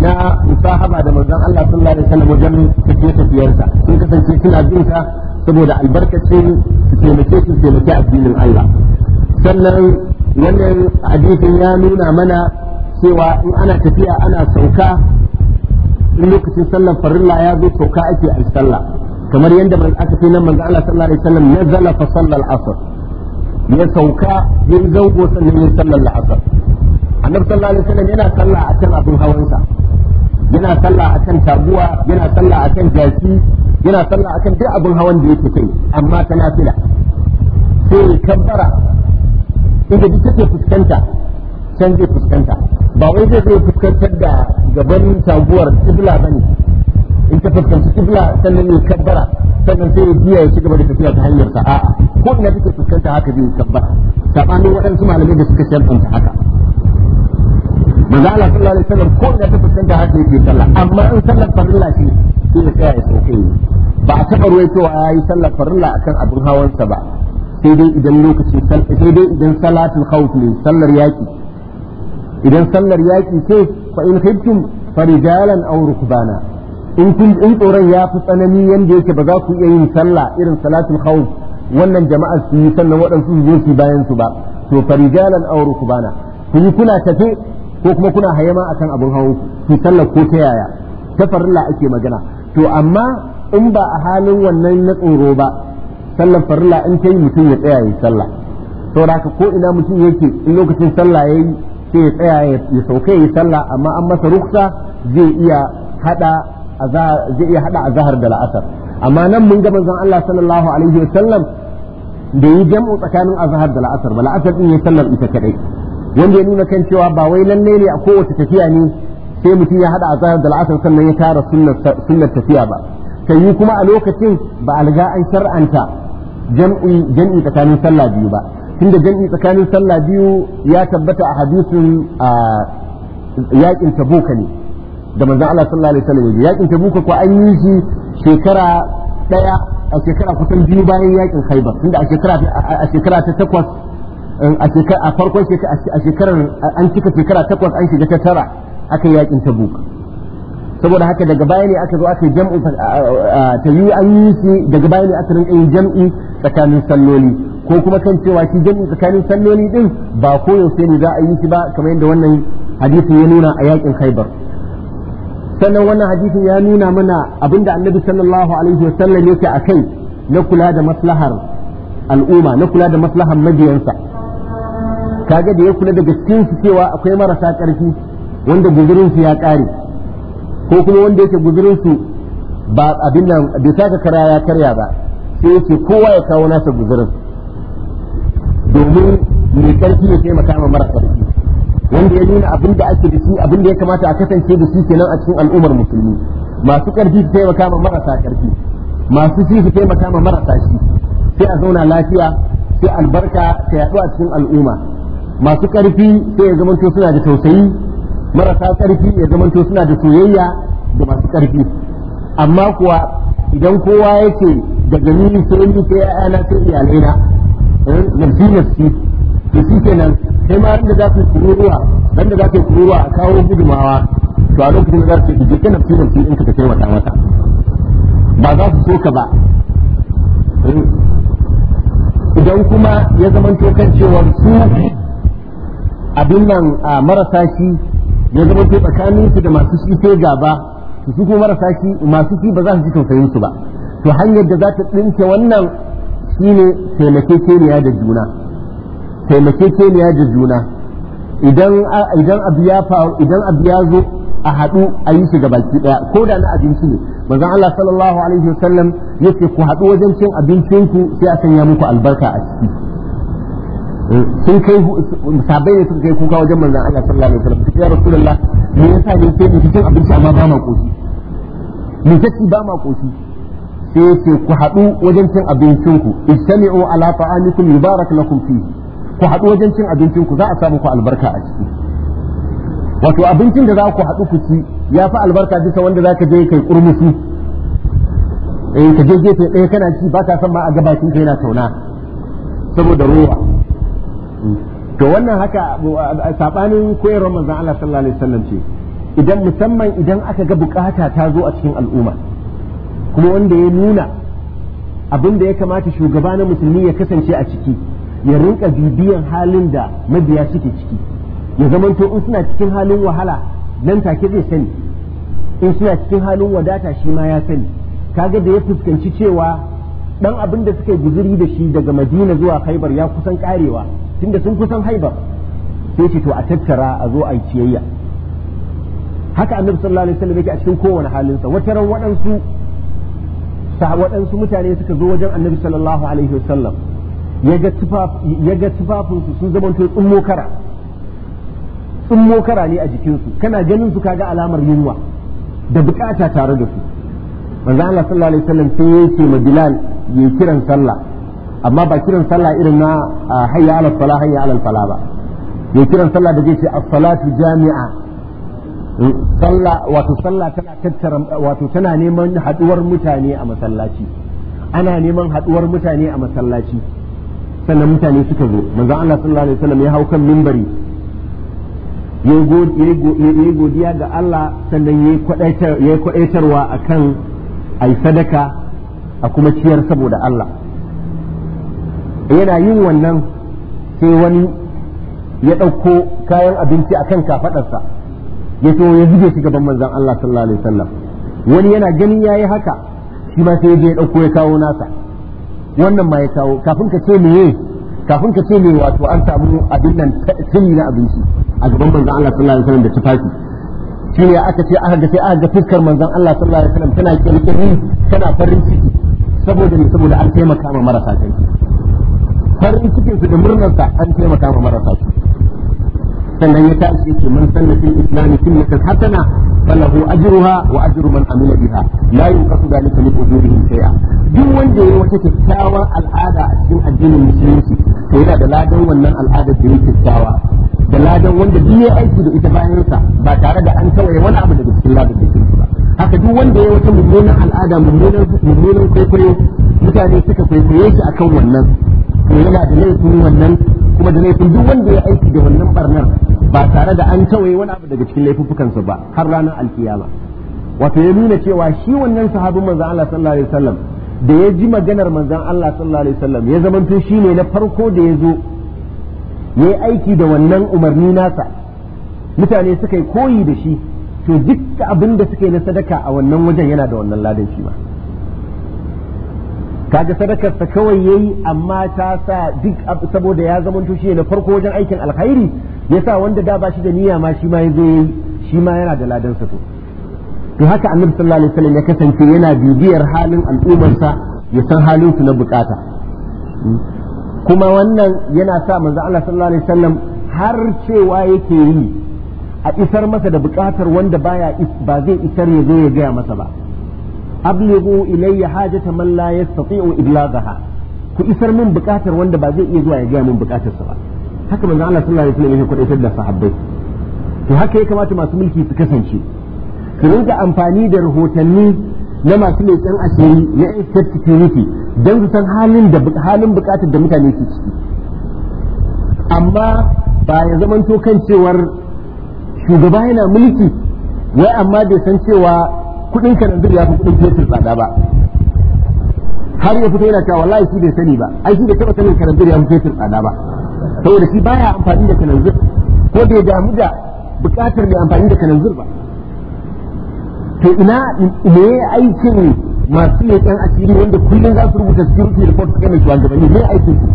na musahaba da manzon Allah sallallahu alaihi wasallam wajen tafiye tafiyarsa sun kasance suna bin sa saboda albarkacin su taimake su taimake addinin Allah sannan wannan hadisin ya nuna mana cewa in ana tafiya ana sauka in lokacin sallar farilla ya zo to ka ake a sallah kamar yadda aka ce nan manzo Allah sallallahu alaihi wasallam zala fa sallal asr ya sauka yin zango sannan yin sallar la'asar annabi sallallahu alaihi wasallam yana sallah a kan abin hawansa yana sallah a kan taguwa yana sallah a kan jaki yana sallah a kan duk abin hawan da yake kai amma ta nafila sai kabbara inda duk take fuskanta can zai fuskanta ba wai zai zai fuskantar da gaban taguwar kibla ba ne in ta fuskanci kibla sannan ya kabbara sannan sai ya biya ya ci gaba da tafiya ta hanyar sa'a ko ina take fuskanta haka zai kabbara sabanin waɗansu malamai da suka shantanta haka manzo Allah sallallahu alaihi wasallam ko ina ta fuskanta haka yake sallah amma in sallar farilla ce sai ya tsaya ya sauke ba a taɓa ruwaitowa ya yi sallar farilla akan abin hawansa ba sai dai idan lokacin sai dai idan salatul khawf ne sallar yaki idan sallar yaƙi ce fa in khiftum farijalan aw rukbana in kun in tsoron ya fi tsanani yanda yake ba za ku iya yin sallah irin salatul khawf wannan jama'a su yi sannan waɗansu su zo su bayan su ba to farijalan aw rukbana ku yi kuna tafe ko kuma kuna hayama akan abun hawo ku sallar ko ta yaya ta farilla ake magana to amma in ba a halin wannan na tsoro ba sallar farilla in ta yi mutum ya tsaya yi sallah saboda haka ko ina mutum yake in lokacin sallah yayi sai ya tsaya ya sauka ya yi sallah amma an masa ruksa zai iya hada zai iya hada azhar da la'asar amma nan mun ga manzon Allah sallallahu alaihi wasallam da yi jam'u tsakanin azhar da la'asar ba la'asar din ya sallar ita kadai wanda ya nuna kan cewa ba wai lalle ne a kowace tafiya ne sai mutum ya hada azhar da la'asar sannan ya tara sunnar tafiya ba kai yi kuma a lokacin ba a riga an shar'anta jam'i jam'i tsakanin sallah biyu ba tunda jam'i tsakanin sallah biyu ya tabbata a hadisin yakin tabuka ne da manzon Allah sallallahu alaihi wasallam yakin tabuka ko an yi shi shekara daya a shekara kusan biyu bayan yakin khaibar tunda a shekara a shekara ta takwas a shekara a farkon shekara a shekarar an cika shekara takwas an shiga ta tara aka yakin tabuka saboda haka daga baya ne aka zo aka jam'u ta yi an yi shi daga baya ne aka rinka yin jam'i tsakanin salloli ko kuma kan cewa shi jami'i tsakanin salloli din ba koyaushe ne za a yi shi ba kamar yadda wannan hadisin ya nuna a yakin khaibar sannan wannan hadisin ya nuna mana abinda annabi sallallahu alaihi wasallam yake a kai na kula da maslahar al'umma na kula da maslahar mabiyansa kaga da ya kula daga cikin su cewa akwai marasa karfi wanda guzurin su ya ƙare ko kuma wanda yake guzurin su ba abin nan bai saka kara ya karya ba sai yake kowa ya kawo nasa guzurin domin mai karfi ya taimaka ma mara karfi wanda ya nuna abin da ake da shi abin da ya kamata a kasance da shi kenan a cikin al'ummar musulmi masu karfi su taimaka ma marasa karfi masu shi su taimaka ma marasa shi sai a zauna lafiya sai albarka ta yaɗu a cikin al'umma masu karfi sai ya zamanto suna da tausayi marasa karfi ya zamanto suna da soyayya da masu karfi amma kuwa idan kowa yake daga ni sai ni sai 'ya'yana sai iyalaina nafsi eh, nafsi to shi kenan sai ma da za ku kururuwa dan da za ku kururuwa a kawo gudumawa to a lokacin da za ku ji kana nafsi nafsi in ka taimaka mata ba za su so ka ba eh, idan kuma ya zamanto kan cewar su abin nan a marasa shi ya zamanto tsakanin su da masu shi sai gaba su kuma marasa shi masu shi ba za su ji tausayin su ba to hanyar da za ta tsinke wannan shine taimakekeniya da juna taimakekeniya da juna idan idan abu ya faru idan abu ya zo a haɗu a yi shi baki ɗaya ko da na abinci ne manzon Allah sallallahu alaihi wasallam yace ku haɗu wajen cin abincinku sai a sanya muku albarka a ciki eh, sun kai sabai ne suka kai kuka wajen manzon Allah sallallahu alaihi wasallam ya rasulullah me yasa ne sai mu cin abinci amma ba ma koshi mu kace ba ma koshi sai yace ku haɗu wajen cin abincinku istami'u ala ta'amikum yubarak lakum fihi ku haɗu wajen cin abincinku za a samu ku albarka a ciki wato abincin da za ku haɗu ku ci ya fi albarka bisa wanda za ka je kai kurmusu eh ka je gefe ɗaya kana ci ba ka san ma a gabakin ka yana tauna saboda ruwa to wannan haka sabanin koyar manzon Allah sallallahu alaihi wasallam ce idan musamman idan aka ga bukata ta zo a cikin al'umma kuma wanda ya nuna abin da ya kamata shugaba na musulmi ya kasance a ciki ya rinka bibiyan halin da mabiya suke ciki ya zamanto in suna cikin halin wahala nan take zai sani in suna cikin halin wadata shi ma ya sani kaga da ya fuskanci cewa dan abin da suka guzuri da shi daga madina zuwa haibar ya kusan karewa tunda sun kusan haibar sai ce to a tattara a zo a yi ciyayya haka annabi sallallahu alaihi wasallam yake a cikin kowane halinsa wata ran waɗansu waɗansu mutane suka zo wajen annabi sallallahu alaihi wasallam ya ga tufafinsu sun to tsummo kara tsummo kara ne a jikinsu kana ganin su kaga alamar yunwa da bukata tare da su manzo Allah sallallahu alaihi wasallam sai ce ma Bilal ya kiran sallah amma ba kiran sallah irin na ah, hayya ala salah hayya ala falah ba ya kiran sallah da zai ce as-salatu jami'a sallah wato sallah tana tattara wato tana neman haduwar mutane a masallaci ana neman haduwar mutane a masallaci sannan mutane suka zo manzo Allah sallallahu alaihi wasallam ya hau kan minbari yayi godiya ga Allah sannan yayi kwadaitar yayi kwadaitarwa akan ai sadaka a kuma ciyar saboda Allah yana yin wannan sai wani ya ɗauko kayan abinci akan kafadarsa ya so ya zube shi gaban manzon Allah sallallahu alaihi wasallam wani yana ganin yayi haka shi ma sai ya dauko ya kawo nasa wannan ma ya kawo kafin ka ce meye kafin ka ce me wato an samu abin nan tuni na abinci a gaban manzon Allah sallallahu alaihi wasallam da tufafi shi ne aka ce aka ga sai aka ga fuskar manzon Allah sallallahu alaihi wasallam tana kirkiri tana farin ciki saboda ne saboda an taimaka ma marasa kai farin cikin su da murnar murnarsa an taimaka ma marasa kai sannan ya tashi yake man sanna fil islam sunnatan hasana falahu ajruha wa ajru man amila biha la yunqasu dhalika min ujurihim shay'a duk wanda yayi wata kyakkyawar al'ada a cikin addinin musulunci to yana da ladan wannan al'ada da yake kyakkyawa da ladan wanda duk ya aiki da ita bayan sa ba tare da an tawaye wani abu daga cikin ladan da ba haka duk wanda ya wata mummunan al'ada mummunan mummunan kwaikwayo mutane suka kwaikwaye shi akan wannan to yana da laifin wannan kuma da laifin duk wanda ya aiki da wannan barnar ba tare da an tawaye wani abu daga cikin laifuffukansa ba har ranar alkiyama wato ya nuna cewa shi wannan sahabin manzon Allah sallallahu alaihi wasallam da ya ji maganar manzon Allah sallallahu alaihi wasallam ya shi shine na farko da ya zo yi aiki da wannan umarni nasa mutane suka yi koyi da shi to duk abin da suka yi na sadaka a wannan wajen yana da wannan ladan shi ba kaga sadakar ta kawai yayi amma ta sa duk saboda ya zamanto shi na farko wajen aikin alkhairi yasa wanda da ba shi da niyya ma shi ma yazo yayi shi ma yana da ladan sa to to haka annabi sallallahu alaihi wasallam ya kasance yana bibiyar halin al'ummarsa ya san halin su na bukata kuma wannan yana sa manzo Allah sallallahu alaihi wasallam har cewa yake yi a isar masa da bukatar wanda baya ba zai isar ya zo ya gaya masa ba ablighu ilayya hajata man la yastati'u iblaghaha ku isar min bukatar wanda ba zai iya zuwa ya gaya min sa ba haka manzo Allah sallallahu alaihi wasallam ya kwadaitar da sahabbai to haka ya kamata masu mulki su kasance su rinka amfani da rahotanni na masu leƙen asiri na state security don su san halin da halin bukatar da mutane ke ciki amma ba ya zamanto kan cewar shugaba yana mulki wai amma bai san cewa kudin kananzir ya fi kudin fetur tsada ba har ya fito yana cewa wallahi shi bai sani ba ai shi bai taɓa sanin kananzir ya fi fetur tsada ba saboda shi baya amfani da kananzir ko bai damu da bukatar mai amfani da kananzir ba to ina me aikin masu leƙen asiri wanda kullum za su rubuta security report su ba shugabanni me aikin su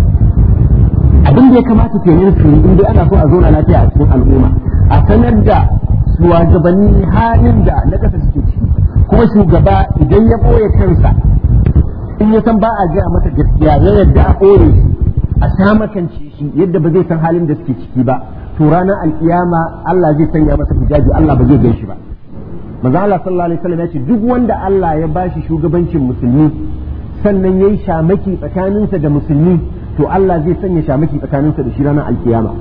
abin da ya kamata ke yin su in dai ana so a zauna lafiya a cikin al'umma a sanar da shugabanni halin da na ƙasa suke ci. kuma shugaba idan ya ɓoye kansa in ya san ba a gaya mata gaskiya ya yadda a ɓoye shi a samakance shi yadda ba zai san halin da suke ciki ba to ranar alkiyama Allah zai sanya masa hijabi Allah ba zai gan shi ba manzo Allah sallallahu alaihi wasallam ya ce duk wanda Allah ya bashi shugabancin musulmi sannan yayi shamaki tsakaninsa da musulmi to Allah zai sanya shamaki tsakaninsa da shi ranar alkiyama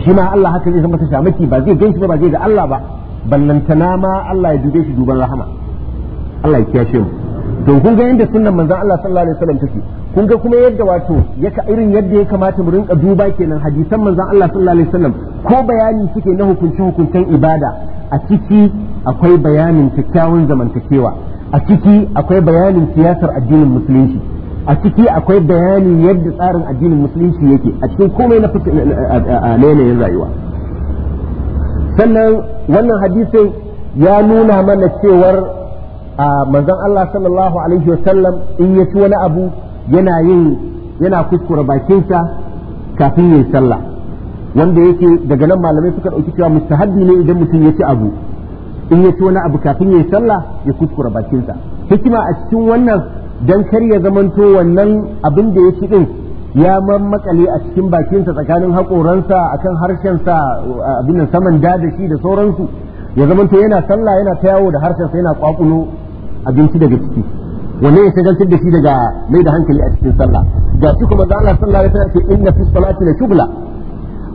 shi ma Allah haka zai san masa shamaki ba zai gan shi ba ba zai ga Allah ba ballantana ma Allah ya dube shi duban rahama Allah ya kiyashe mu don kun ga yadda sunnan manzon Allah sallallahu alaihi wasallam take kun ga kuma yadda wato ya ka irin yadda ya kamata mu rinka duba kenan hadisan manzon Allah sallallahu alaihi wasallam ko bayani suke na hukunci hukuncin ibada a ciki akwai bayanin kyakkyawan zamantakewa a ciki akwai bayanin siyasar addinin musulunci a ciki akwai bayanin yadda tsarin addinin musulunci yake a cikin komai na yanayin rayuwa sannan wannan hadisin ya nuna mana cewar a manzon Allah sallallahu alaihi wasallam in ya ci wani abu yana yin yana kuskura sa kafin yin sallah wanda yake daga nan malamai suka ɗauki cewa mustahabbi ne idan mutum ya ci abu in ya ci wani abu kafin yin sallah ya kuskura bakinsa hikima a cikin wannan dan kar ya zamanto wannan abin da ya ci din ya mammakale a cikin bakinsa tsakanin haƙoransa kan harshensa abin saman da da shi da sauransu ya zamanto yana sallah yana ta yawo da harshensa yana kwakulo abinci daga ciki wanne ya shagaltar da shi daga mai da hankali a cikin sallah ga shi kuma da Allah sallah ya ce inna fi salati la shugla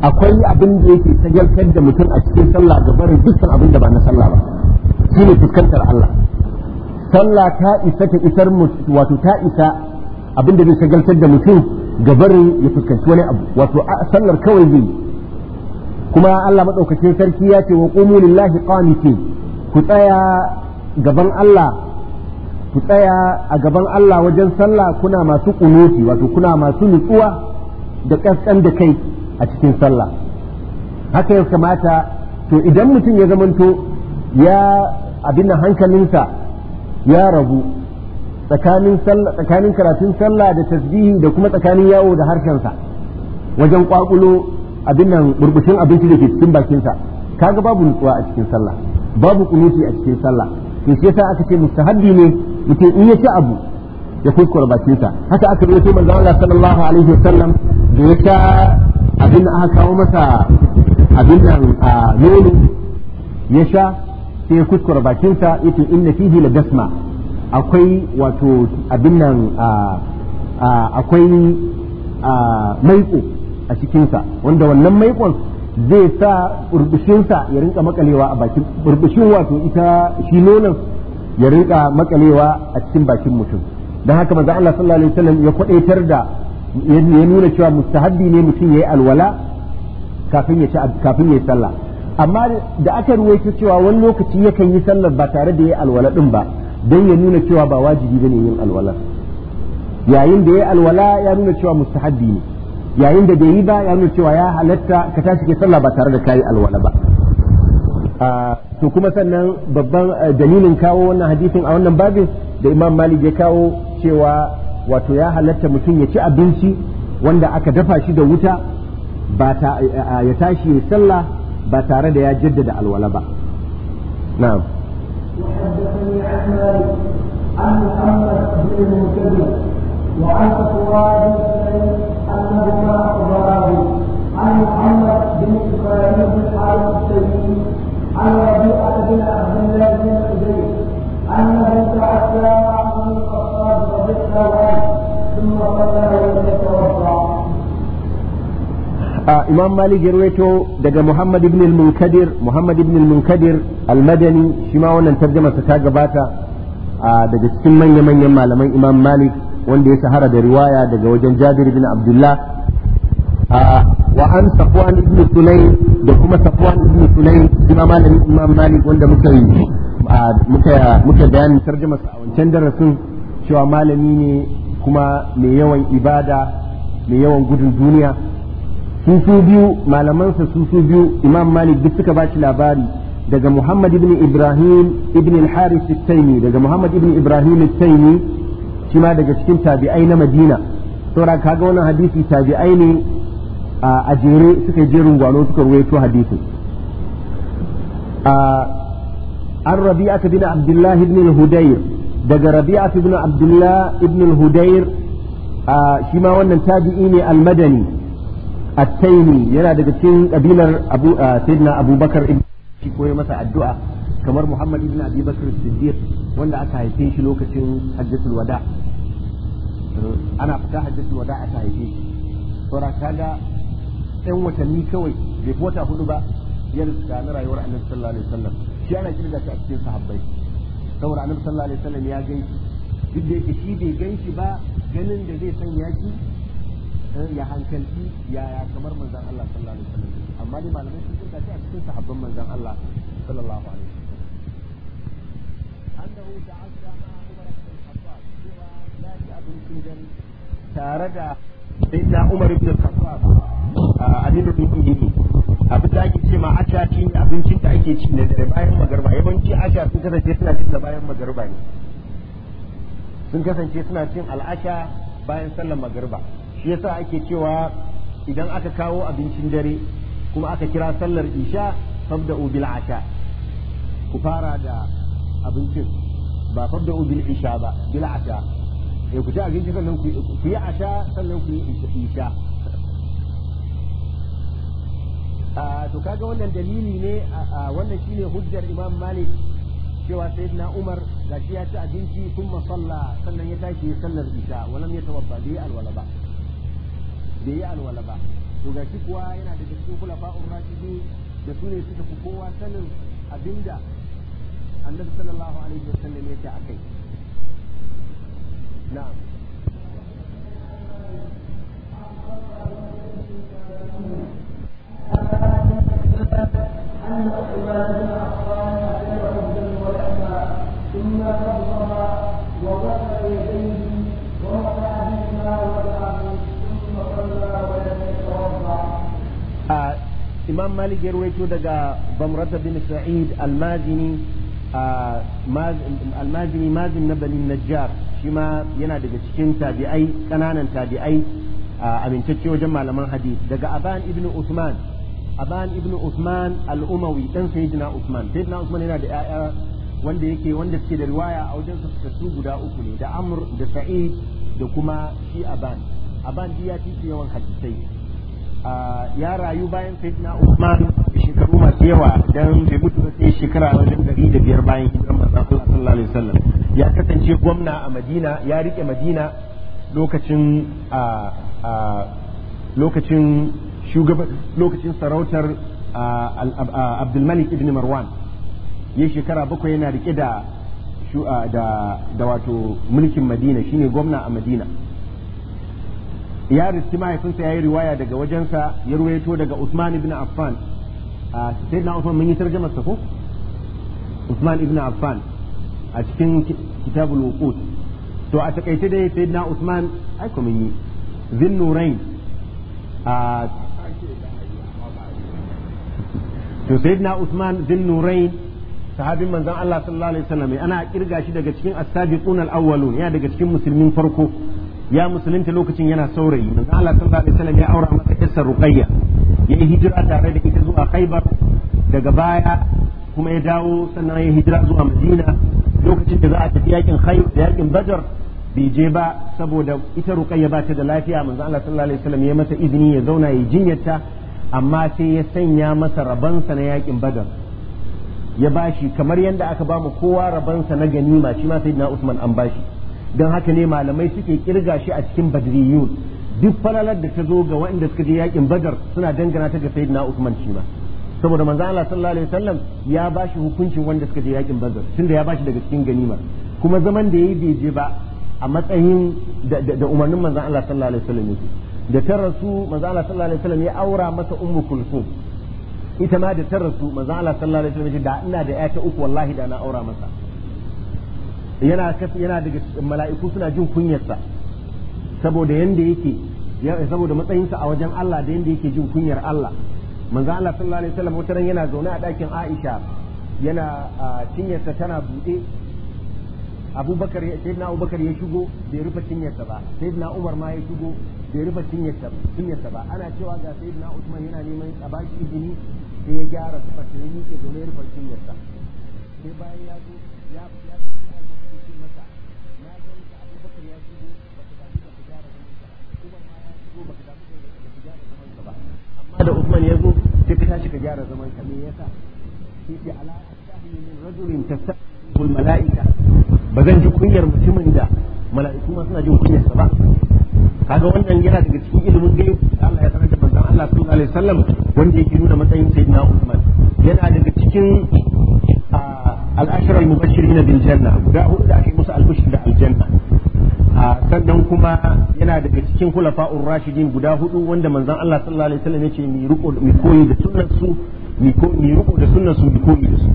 akwai abin da yake shagaltar da mutum a cikin sallah ga barin dukkan abin da ba na sallah ba shine fuskantar Allah sallah ta isa ta isar wato ta isa abin da zai shagaltar da mutum Gabar ya fuskanci wani abu wato sallar kawai zai kuma Allah madaukakin sarki ya ce wa qumu lillahi qanitin ku tsaya gaban Allah ku tsaya a gaban Allah wajen sallah kuna masu kunuti wato kuna masu nutsuwa da ƙasƙan da kai a cikin sallah haka ya kamata to idan mutum ya zamanto ya abin hankalinsa ya rabu tsakanin karatun sallah da tasbihi da kuma tsakanin yawo da harshen sa wajen kwakulo abin nan burbushin abinci da ke cikin bakinsa kaga babu nutsuwa a cikin sallah babu kunuti a cikin sallah to shi yasa aka ce mustahabbi ne mutum in ya ci abu ya kuskura bakinsa haka aka rubuto manzo Allah sallallahu alaihi wasallam da ya sha abin da aka kawo masa abin nan a nono ya sha sai ya kuskura bakinsa yace inna fihi la dasma akwai wato abin nan akwai maiko a cikinsa wanda wannan maikon zai sa burbushinsa ya rinka makalewa a bakin burbushin wato ita shi nonon ya rinka makalewa a cikin bakin mutum don haka manzo Allah sallallahu alaihi wasallam ya kwadaitar da ya nuna cewa mustahabbi ne mutum ya yi alwala kafin ya ci kafin ya sallah amma da aka ruwaito cewa wani lokaci yakan yi sallar ba tare da ya yi alwala din ba don ya nuna cewa ba wajibi bane yin alwala yayin da ya alwala ya nuna cewa mustahabbi ne yayin da bai yi ba ya nuna cewa ya halatta ka tashi ke sallah ba tare da kayi alwala ba to kuma sannan babban eh, dalilin kawo wannan hadisin a wannan babin da imam malik ya kawo cewa wato ya halatta mutum ya ci abinci wanda aka dafa shi da wuta ba ta eh, ya tashi ya sallah ba tare da ya jaddada alwala ba na'am وحدثني عن مالك عن محمد بن المنكدر وعن صفوان بن انهما اخبراه عن محمد بن اسماعيل بن حارث التيمي عن ربيعه بن عبد الله بن حجيج انه تعسى عن الخطاب رضي ثم صلى وسلم imam malik ya rawaito daga muhammad ibn al-munkadir al-munkadir al wannan tarjamarsa ta gabata daga cikin manya-manyan malaman imam malik wanda ya shahara da riwaya daga wajen jabir ibn abdullah wa an safwan ibn sulaim da kuma safwan ibn sulaim shi malamin imam malik wanda muka yi bayanin tarjamarsa a wancan darasin cewa malami ne kuma mai yawan ibada mai yawan gudun duniya su su biyu malamansa su su biyu imam malik duk suka ba shi labari daga muhammad ibn ibrahim ibn al-haris al daga muhammad ibn ibrahim al-taimi shi ma daga cikin tabi'ai na madina saboda kaga wannan hadisi tabi'ai ne a jere suka je rungwano suka ruwaito hadisin an rabi'atu bin abdullah ibn al-hudayr daga rabi'a ibn abdullah ibn al-hudayr shi ma wannan tabi'i ne al-madani at yana daga cikin kabilar abu sayyidina abubakar ibn shi masa addu'a kamar muhammad ibn abi bakr siddiq wanda aka haife shi lokacin hajjatul wada ana fita hajjatul wada aka haife shi kaga ɗan watanni kawai bai wata hudu ba ya riska na rayuwar annabi sallallahu alaihi wasallam shi ana kirga shi a cikin sahabbai saboda annabi sallallahu alaihi wasallam ya gaishe duk da yake shi bai shi ba ganin da zai sanya shi ya hankalci yaya kamar manzon Allah sallallahu alaihi wasallam amma dai malamai sun kirka shi a cikin sahabban manzon Allah sallallahu alaihi wasallam annahu ta'adda ma Umar ibn al-Khattab cewa la ta'budu sunjan tare da sayyidina Umar ibn al-Khattab a dinin dukkan abin da ake ce ma asha shi ne abincin da ake ci da dare bayan magarba yawanci asha sun kasance suna cin da bayan magarba ne sun kasance suna cin al'asha bayan sallar magarba shi yasa ake cewa idan aka kawo abincin dare kuma aka kira sallar isha fabda'u bil asha ku fara da abincin ba fabda'u bil isha ba bil asha eh ku ci abinci sannan ku yi asha sannan ku yi isha a ah, to kaga wannan dalili ne wannan shine hujjar Imam Malik cewa sayyidina Umar gashi ya ci abinci kuma salla sannan ya tashi sallar isha walam yatawabba bi alwala ba bai yi alwala ba to ga shi kuwa yana daga cikin khulafa'ur rashidin da su ne suka fi kowa sanin abinda annabi sallallahu alaihi wa wasallam yake kai na'am وغسل يديه imam malik ya ruwaito daga bamrata bin sa'id almazini almazini mazin na bani najjar shi ma yana daga cikin tabi'ai kananan tabi'ai amintacce wajen malaman hadith daga aban ibn usman aban ibn usman al-umawi dan sayyidina usman sayyidina usman yana da ya'ya wanda yake wanda suke da riwaya a wajen su guda uku ne da amr da sa'id da kuma shi aban aban ya fi yawan hadisai ya rayu bayan sayyidina Usman shekaru masu yawa dan bai mutu sai shekara wajen dari da biyar bayan hijirar manzon Allah sallallahu alaihi wasallam ya kasance gwamna a Madina ya rike Madina lokacin lokacin shugaban lokacin sarautar Abdul Malik ibn Marwan ya shekara bakwai yana rike da da wato mulkin Madina shine gwamna a Madina ya riski mahaifinsa ya yi riwaya daga wajensa ya ruwaito daga Usman ibn Affan a na Usman mun yi tarjamar sa ko Usman ibn Affan a cikin kitabul wuqut to a takaice dai na Usman ai ko mun yi zin nurain a to na Usman zin nurain sahabin manzon Allah sallallahu alaihi wasallam ana kirga shi daga cikin as-sabiqun al-awwalun ya daga cikin musulmin farko ya musulunta lokacin yana saurayi manzo Allah sallallahu alaihi wasallam ya aura masa kissar ruqayya ya yi hijira tare da ita zuwa haibar. daga baya kuma ya dawo sannan ya hijira zuwa Madina lokacin da za a tafi yakin Khaibar da yakin Badr bai je ba saboda ita ruqayya ba ta da lafiya manzo Allah sallallahu alaihi wasallam ya mata izini ya zauna ya jinyarta amma sai ya sanya masa rabansa na yakin Badr ya bashi kamar yadda aka ba mu kowa rabansa na ganima shi ma sayyidina Usman an bashi don haka ne malamai suke kirga shi a cikin badriyun duk falalar da ta zo ga waɗanda suka je yakin badar suna dangana ta ga sayyidina usman shi ma saboda manzo Allah sallallahu alaihi wasallam ya bashi hukuncin wanda suka je yakin badar tunda ya bashi daga cikin ganima kuma zaman da yayi bai je ba a matsayin da umarnin manzo Allah sallallahu alaihi wasallam yake da ta rasu manzo Allah sallallahu alaihi wasallam ya aura masa ummu kulsum ita ma da ta rasu manzo Allah sallallahu alaihi wasallam ya ce da ina da ƴata uku wallahi da na aura masa yana yana daga mala'iku suna jin kunyarsa saboda yanda yake saboda matsayinsa a wajen Allah da yanda yake jin kunyar Allah manzo Allah sallallahu alaihi wasallam wata ran yana zaune a ɗakin Aisha yana cinyarsa tana bude. Abubakar sayyidina Abubakar ya shigo bai rufe cinyarsa ba sayyidina Umar ma ya shigo bai rufe cinyarsa ba ana cewa ga sayyidina Usman yana neman a baki izini sai ya gyara sifar da yake zaune rufe cinyarsa sai bayan ya zo ya amma da Usman ya zo sai ka tashi ka gyara zaman ka me yasa shi ke ala min rajulin malaika ba zan ji kunyar mutumin da mala'iku ma suna jin kunyar sa ba kaga wannan yana daga cikin ilimin gaibu Allah ya sanar manzon Allah sallallahu alaihi wasallam wanda yake nuna matsayin sayyidina Usman yana daga cikin ah, al-ashra al-mubashirin bil janna guda hudu da ake musu al-bushr da al-janna sannan kuma yana daga cikin hulafa'ur rashidin guda hudu wanda manzon Allah sallallahu alaihi wasallam yace mi riko mi koyi da sunnar su mi da sunnar su mi koyi da su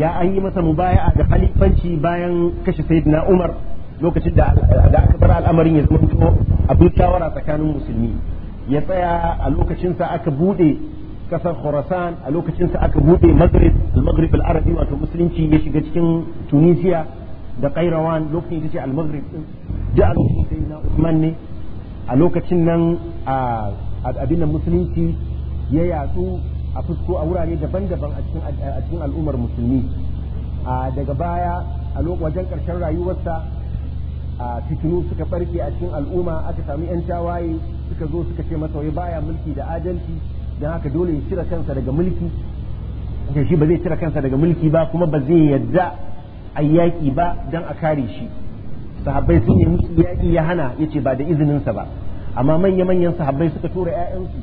ya an yi masa mubaya'a da khalifanci bayan kashe sayyidina Umar lokacin da da aka bar al'amarin ya zama fito abin shawara tsakanin musulmi ya tsaya a lokacin sa aka bude kasar Khurasan a lokacin sa aka bude Maghrib al-Maghrib al-Arabi wato musulunci ya shiga cikin Tunisia da kairawan lokacin ita ce al-maghrib din duk a lokacin sai na Usman ne a lokacin nan a abin musulunci ya yatsu a fusko a wurare daban-daban a cikin al'ummar musulmi daga baya a wajen karshen rayuwarsa a fitinu suka barke a cikin al'umma aka sami 'yan tawaye suka zo suka ce masa wai baya mulki da adalci don haka dole ya cire kansa daga mulki shi ba zai cire kansa daga mulki ba kuma ba zai yadda ai yaƙi ba dan a kare shi sahabbai sun yi musu yaki ya hana ya ce ba da izinin sa ba amma manya-manyan sahabbai suka tura 'ya'yansu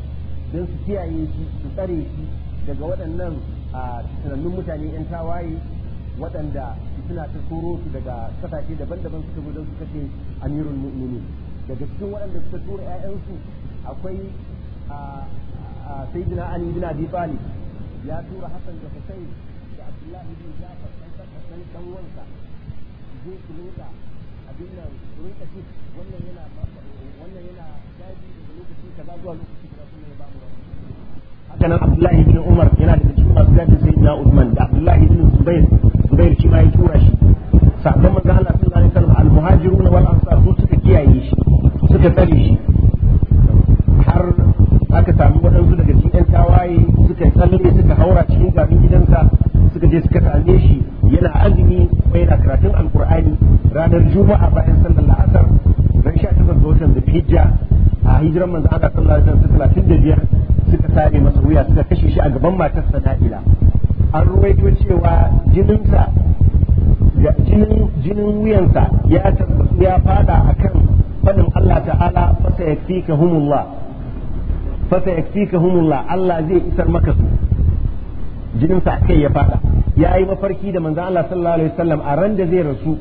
dan su kiyaye shi su tsare shi daga waɗannan a tunannun mutane 'yan tawaye waɗanda suna ta turo su daga kasashe daban-daban suka don su ce amirul mu'mini daga cikin waɗanda suka tura 'ya'yansu akwai sayyidina ali bin abi talib ya tura hasan da husayn da abdullahi bin jafar dan dan wanka je abin nan wannan yana wannan yana daji daga lokaci kaza zuwa lokaci kaza kuma ya bamu haka nan Abdullahi ibn Umar yana daga cikin masu gadin sayyidina usman da Abdullahi ibn Zubair Zubair shi ma ya tura shi sabon manzo Allah sallallahu alaihi wasallam al-muhajirun wal ansar su suka kiyaye shi suka tsare shi har aka samu waɗansu daga cikin tawaye suka tsalle suka haura cikin gaban gidansa suka je suka ranar juma'a bayan sallar la'asar ran sha takwas ga watan zulhijja a hijiran manzo ana sallar da su talatin da biyar suka sare masa wuya suka kashe shi a gaban matarsa Na'ila an ruwaito cewa jininsa jinin jinin wuyansa ya tabbatu ya fada akan fadin Allah ta'ala fasa yakfika humullah fasa yakfika Allah zai isar maka su jininsa kai ya fada ya yi mafarki da manzo Allah sallallahu alaihi wasallam a ran da zai rasu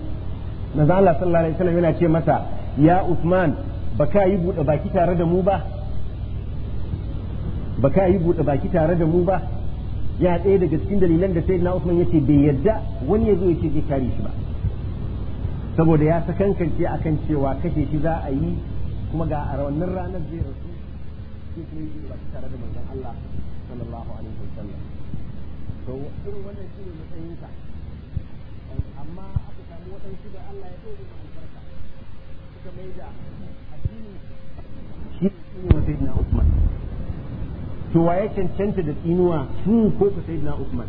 manzo Allah sallallahu alaihi wasallam yana ce masa ya Uthman baka yi bude baki tare da mu ba baka yi bude baki tare da mu ba ya tsaye daga cikin dalilan da sayyidina Uthman yace bai yadda wani ya zo ya ce zai kare shi ba saboda ya sakankance akan cewa kashe shi za a yi kuma ga a rawannin ranar zai rasu shi kuma yi baki tare da manzo Allah sallallahu alaihi wasallam to irin wannan shi ne matsayinsa waɗansu da Allah ya ɗore da albarka suka mai da addini shi ne tsinuwa sai na Usman to waye cancanta da tsinuwa su ko ku sai na Usman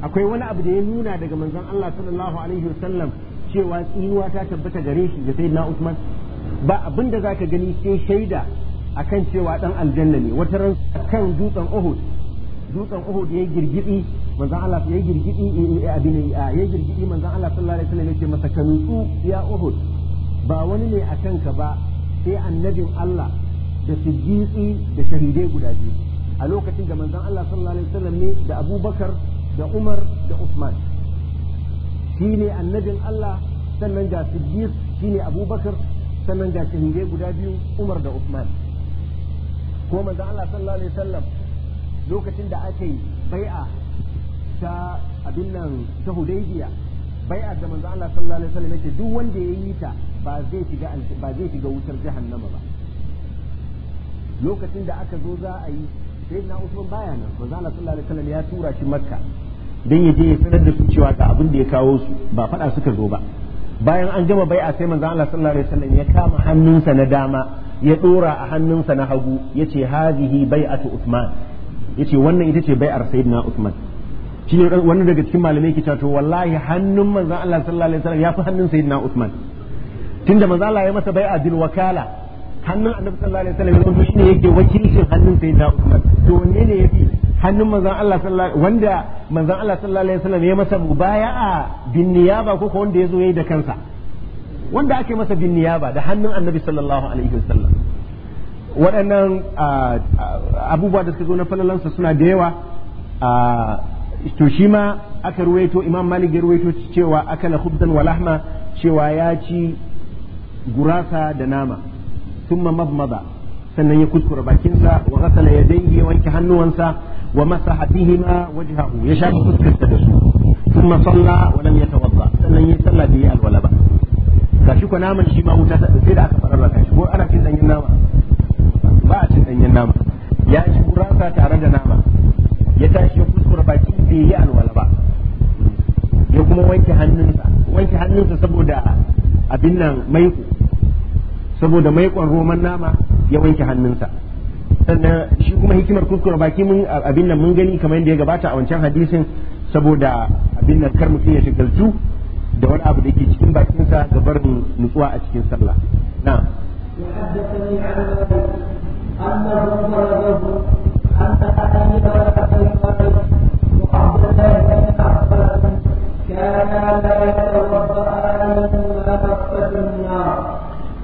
akwai wani abu da ya nuna daga manzon Allah sallallahu alaihi wasallam cewa tsinuwa ta tabbata gare shi da sai na Usman ba abin da zaka gani sai shaida akan cewa dan aljanna ne wata ran kan dutsen Uhud dutsen Uhud yayi girgidi manzon Allah yayi girgidi eh, eh, eh, abin yayi girgidi manzon Allah sallallahu alaihi wasallam yake masa kanutsu ya Uhud ba wani ne a kanka ba sai annabin Allah da siddiqi da shahidai guda biyu a lokacin da manzon Allah sallallahu alaihi wasallam ne da Abubakar da Umar da usman shi ne annabin Allah sannan da siddiq shi ne Abubakar sannan da shahidai guda biyu Umar da usman ko manzon Allah sallallahu alaihi wasallam lokacin da aka yi bai'a ta abin nan ta hudaybiya bai'a da manzo Allah sallallahu alaihi wasallam yake duk wanda ya yi ta ba zai shiga ba zai shiga wutar jahannama ba lokacin da aka zo za a yi sai na Usman baya nan manzo Allah sallallahu alaihi wasallam ya tura shi Makka dan ya je ya sanar da su cewa ga abin da ya kawo su ba fada suka zo ba bayan an gama bai'a sai manzo Allah sallallahu alaihi wasallam ya kama hannunsa na dama ya dora a hannunsa na hagu yace hazihi bai'atu Uthman yace wannan ita ce bai'ar sayyidina Uthman shi ne wani daga cikin malamai ke cewa wallahi hannun manzon Allah sallallahu alaihi wasallam yafi hannun sayyidina Uthman tunda manzon Allah ya masa bai'a bil wakala hannun annabi sallallahu alaihi wasallam yanzu shine yake wakilcin hannun sayyidina Uthman to wanne ne yafi hannun manzon Allah sallallahu wanda manzon Allah sallallahu alaihi wasallam ya masa mubaya'a bin niyaba ko ko wanda yazo yayi da kansa wanda ake masa bin niyaba da hannun annabi sallallahu alaihi wasallam waɗannan abubuwa da suka zo na falalansa suna da yawa to shi ma aka ruwaito imam malik ya ruwaito cewa aka na wa walahma cewa ya ci gurasa da nama thumma madmada sannan ya kuskura bakinsa wa ghasala yadayhi wanke hannuwansa wa masaha bihima wajhahu ya shafa fuskarsa da su thumma salla wa lam yatawadda sannan ya salla bi alwala ba gashi ko naman shi ma wuta sai da aka fararraka shi ko ana cin danyen nama ba a cin ɗanyen nama ya ci gurasa tare da nama ya tashi ya kuskura baki bai yi alwala ba ya kuma wanke hannunsa wanke hannunsa saboda abin nan maiko saboda maikon roman nama ya wanke hannunsa sannan shi kuma hikimar kuskura baki mun abin nan mun gani kamar yadda ya gabata a wancan hadisin saboda abin nan kar mutum ya shigaltu da wani abu da ke cikin bakinsa ga barin nutsuwa a cikin sallah na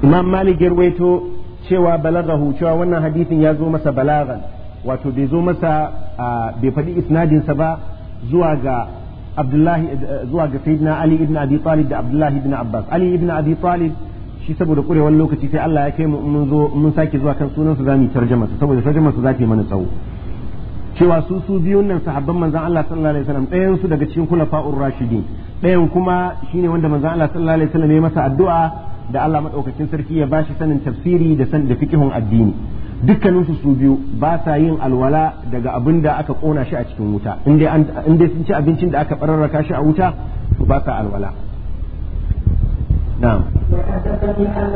Imam Malik ya ruwaito cewa balagahu cewa wannan hadithin ya zo masa balagan wato bai zo masa bai faɗi isnadinsa ba zuwa ga Abdullahi zuwa ga Sayyidina Ali ibn Abi Talib da Abdullahi ibn Abbas Ali ibn Abi Talib shi saboda kurewan lokaci sai Allah ya kai mu mun zo mun sake zuwa kan sunan su zamu tarjama su saboda tarjama su zata mana tsawo cewa su su biyun nan sahabban manzon Allah sallallahu alaihi wasallam ɗayan su daga cikin khulafa'ur rashidin ɗayan kuma shine wanda manzon Allah sallallahu alaihi wasallam ya masa addu'a da Allah madaukakin sarki ya bashi sanin tafsiri da san da fiqhun addini dukkanin su su biyu ba sa yin alwala daga abin da aka kona shi a cikin wuta in dai sun ci abincin da aka bararraka shi a wuta to ba sa alwala نعم وحدثني عن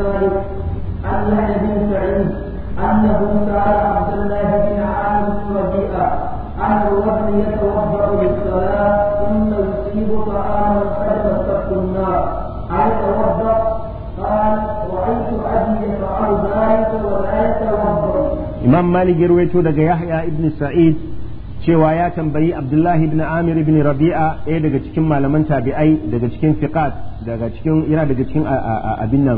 مالك عن يحيى بن سعيد انه سال عبد الله بن عامر ربيعه عن الوهن يتوضا للصلاه ثم يصيب طعاما فتمسكت النار هل توضا قال رايت ابي يفعل ذلك ولا يتوضا imam malik ya ruwaito daga yahya ibn sa'id cewa ya tambayi abdullahi ibn amir ibn rabi'a ɗaya daga cikin malaman tabi'ai daga cikin fiqat daga cikin yana daga cikin abin nan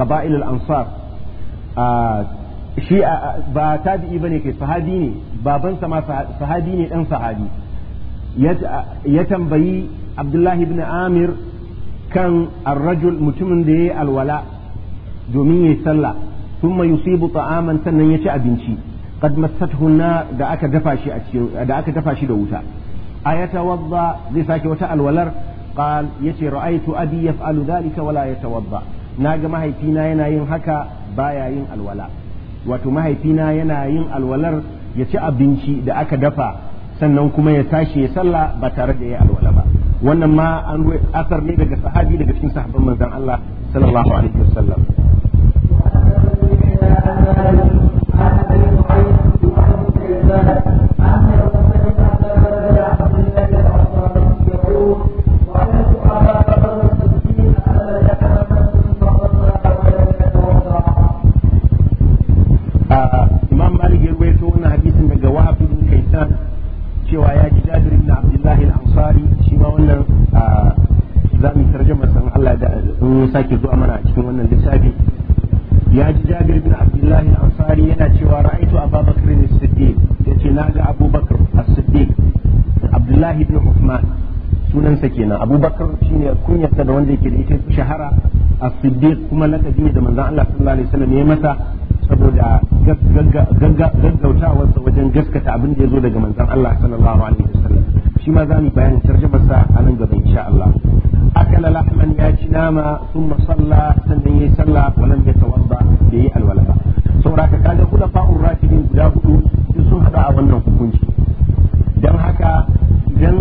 qaba'ilul ansar shi ba tabi'i bane kai sahabi ne baban sa ma sahabi ne dan sahabi ya tambayi Abdullahi ibn Amir kan ar-rajul mutumin da yayi alwala domin yayi sallah thumma yusibu ta'aman sannan ya ci abinci qad massathu da aka dafa shi da aka dafa shi da wuta ayata wadda zai sake wata alwalar yace قال يتي رأيت أبي يفعل ذلك ولا يتوضأ ناقة ما هي فينا يناين حكا بايا yin alwala wato mahaifina yana yin alwalar ya ci abinci da aka dafa. sannan kuma ya tashi sallah ba tare da ya yi alwala ba wannan ma an ruwa asar ne daga sahabi daga cikin sahabban manzan Allah sallallahu alaihi wasallam Thank you. sake zuwa mana a cikin wannan lissafi ya ji jabir bin abdullahi ansari yana cewa ra'aitu abubakar ne siddiq ya ce na ga abubakar as-siddiq abdullahi bin uthman sunansa kenan abubakar shine kunyarsa da wanda yake da ita shahara as-siddiq kuma na ne da manzan Allah sallallahu alaihi wasallam ya masa saboda gaggautawarsa wajen gaskata abin da ya zo daga manzan Allah sallallahu alaihi wasallam shi ma za mu bayanin tarjumarsa a nan gaba insha Allah akala lahman ya ci nama sun masalla sannan ya yi sallah walam ya tawadda da yi alwala ba saboda ka kaga kula fa'un rafidin guda hudu sun hada a wannan hukunci don haka idan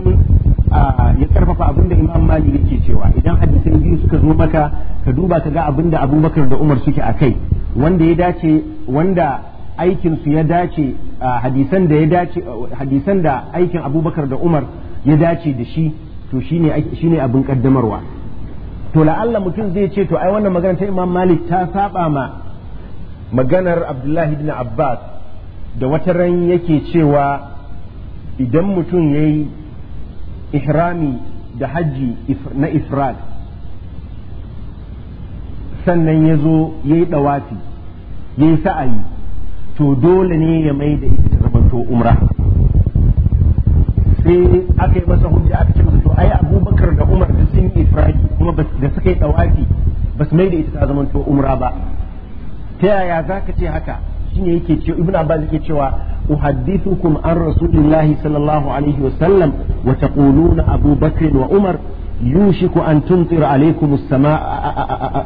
ya karfafa abin da imam mali yake cewa idan hadisai biyu suka zo maka ka duba ka ga abin da abubakar da umar suke a kai wanda ya dace wanda aikin su ya dace hadisan da ya dace hadisan da aikin abubakar da umar ya dace da shi to shine shine abin kaddamarwa to la'alla mutum zai ce to ai wannan magana ta Imam Malik ta saba ma maganar Abdullahi ibn Abbas da wata ran yake cewa idan mutum yayi ihrami da hajji na ifrad sannan ya zo ya yi ɗawafi ya yi sa'ayi to dole ne ya mai da ita ta to umra sai aka yi masa hujja aka ai abubakar da umar da sun yi ifraki kuma da suka yi tawafi ba su mai da ita ta zama to umra ba ta yaya za ka ce haka shi ne yake cewa ibnu abbas yake cewa uhaddithukum an rasulillahi sallallahu alaihi wasallam wa taquluna abubakar wa umar يوشك أن تمطر an السماء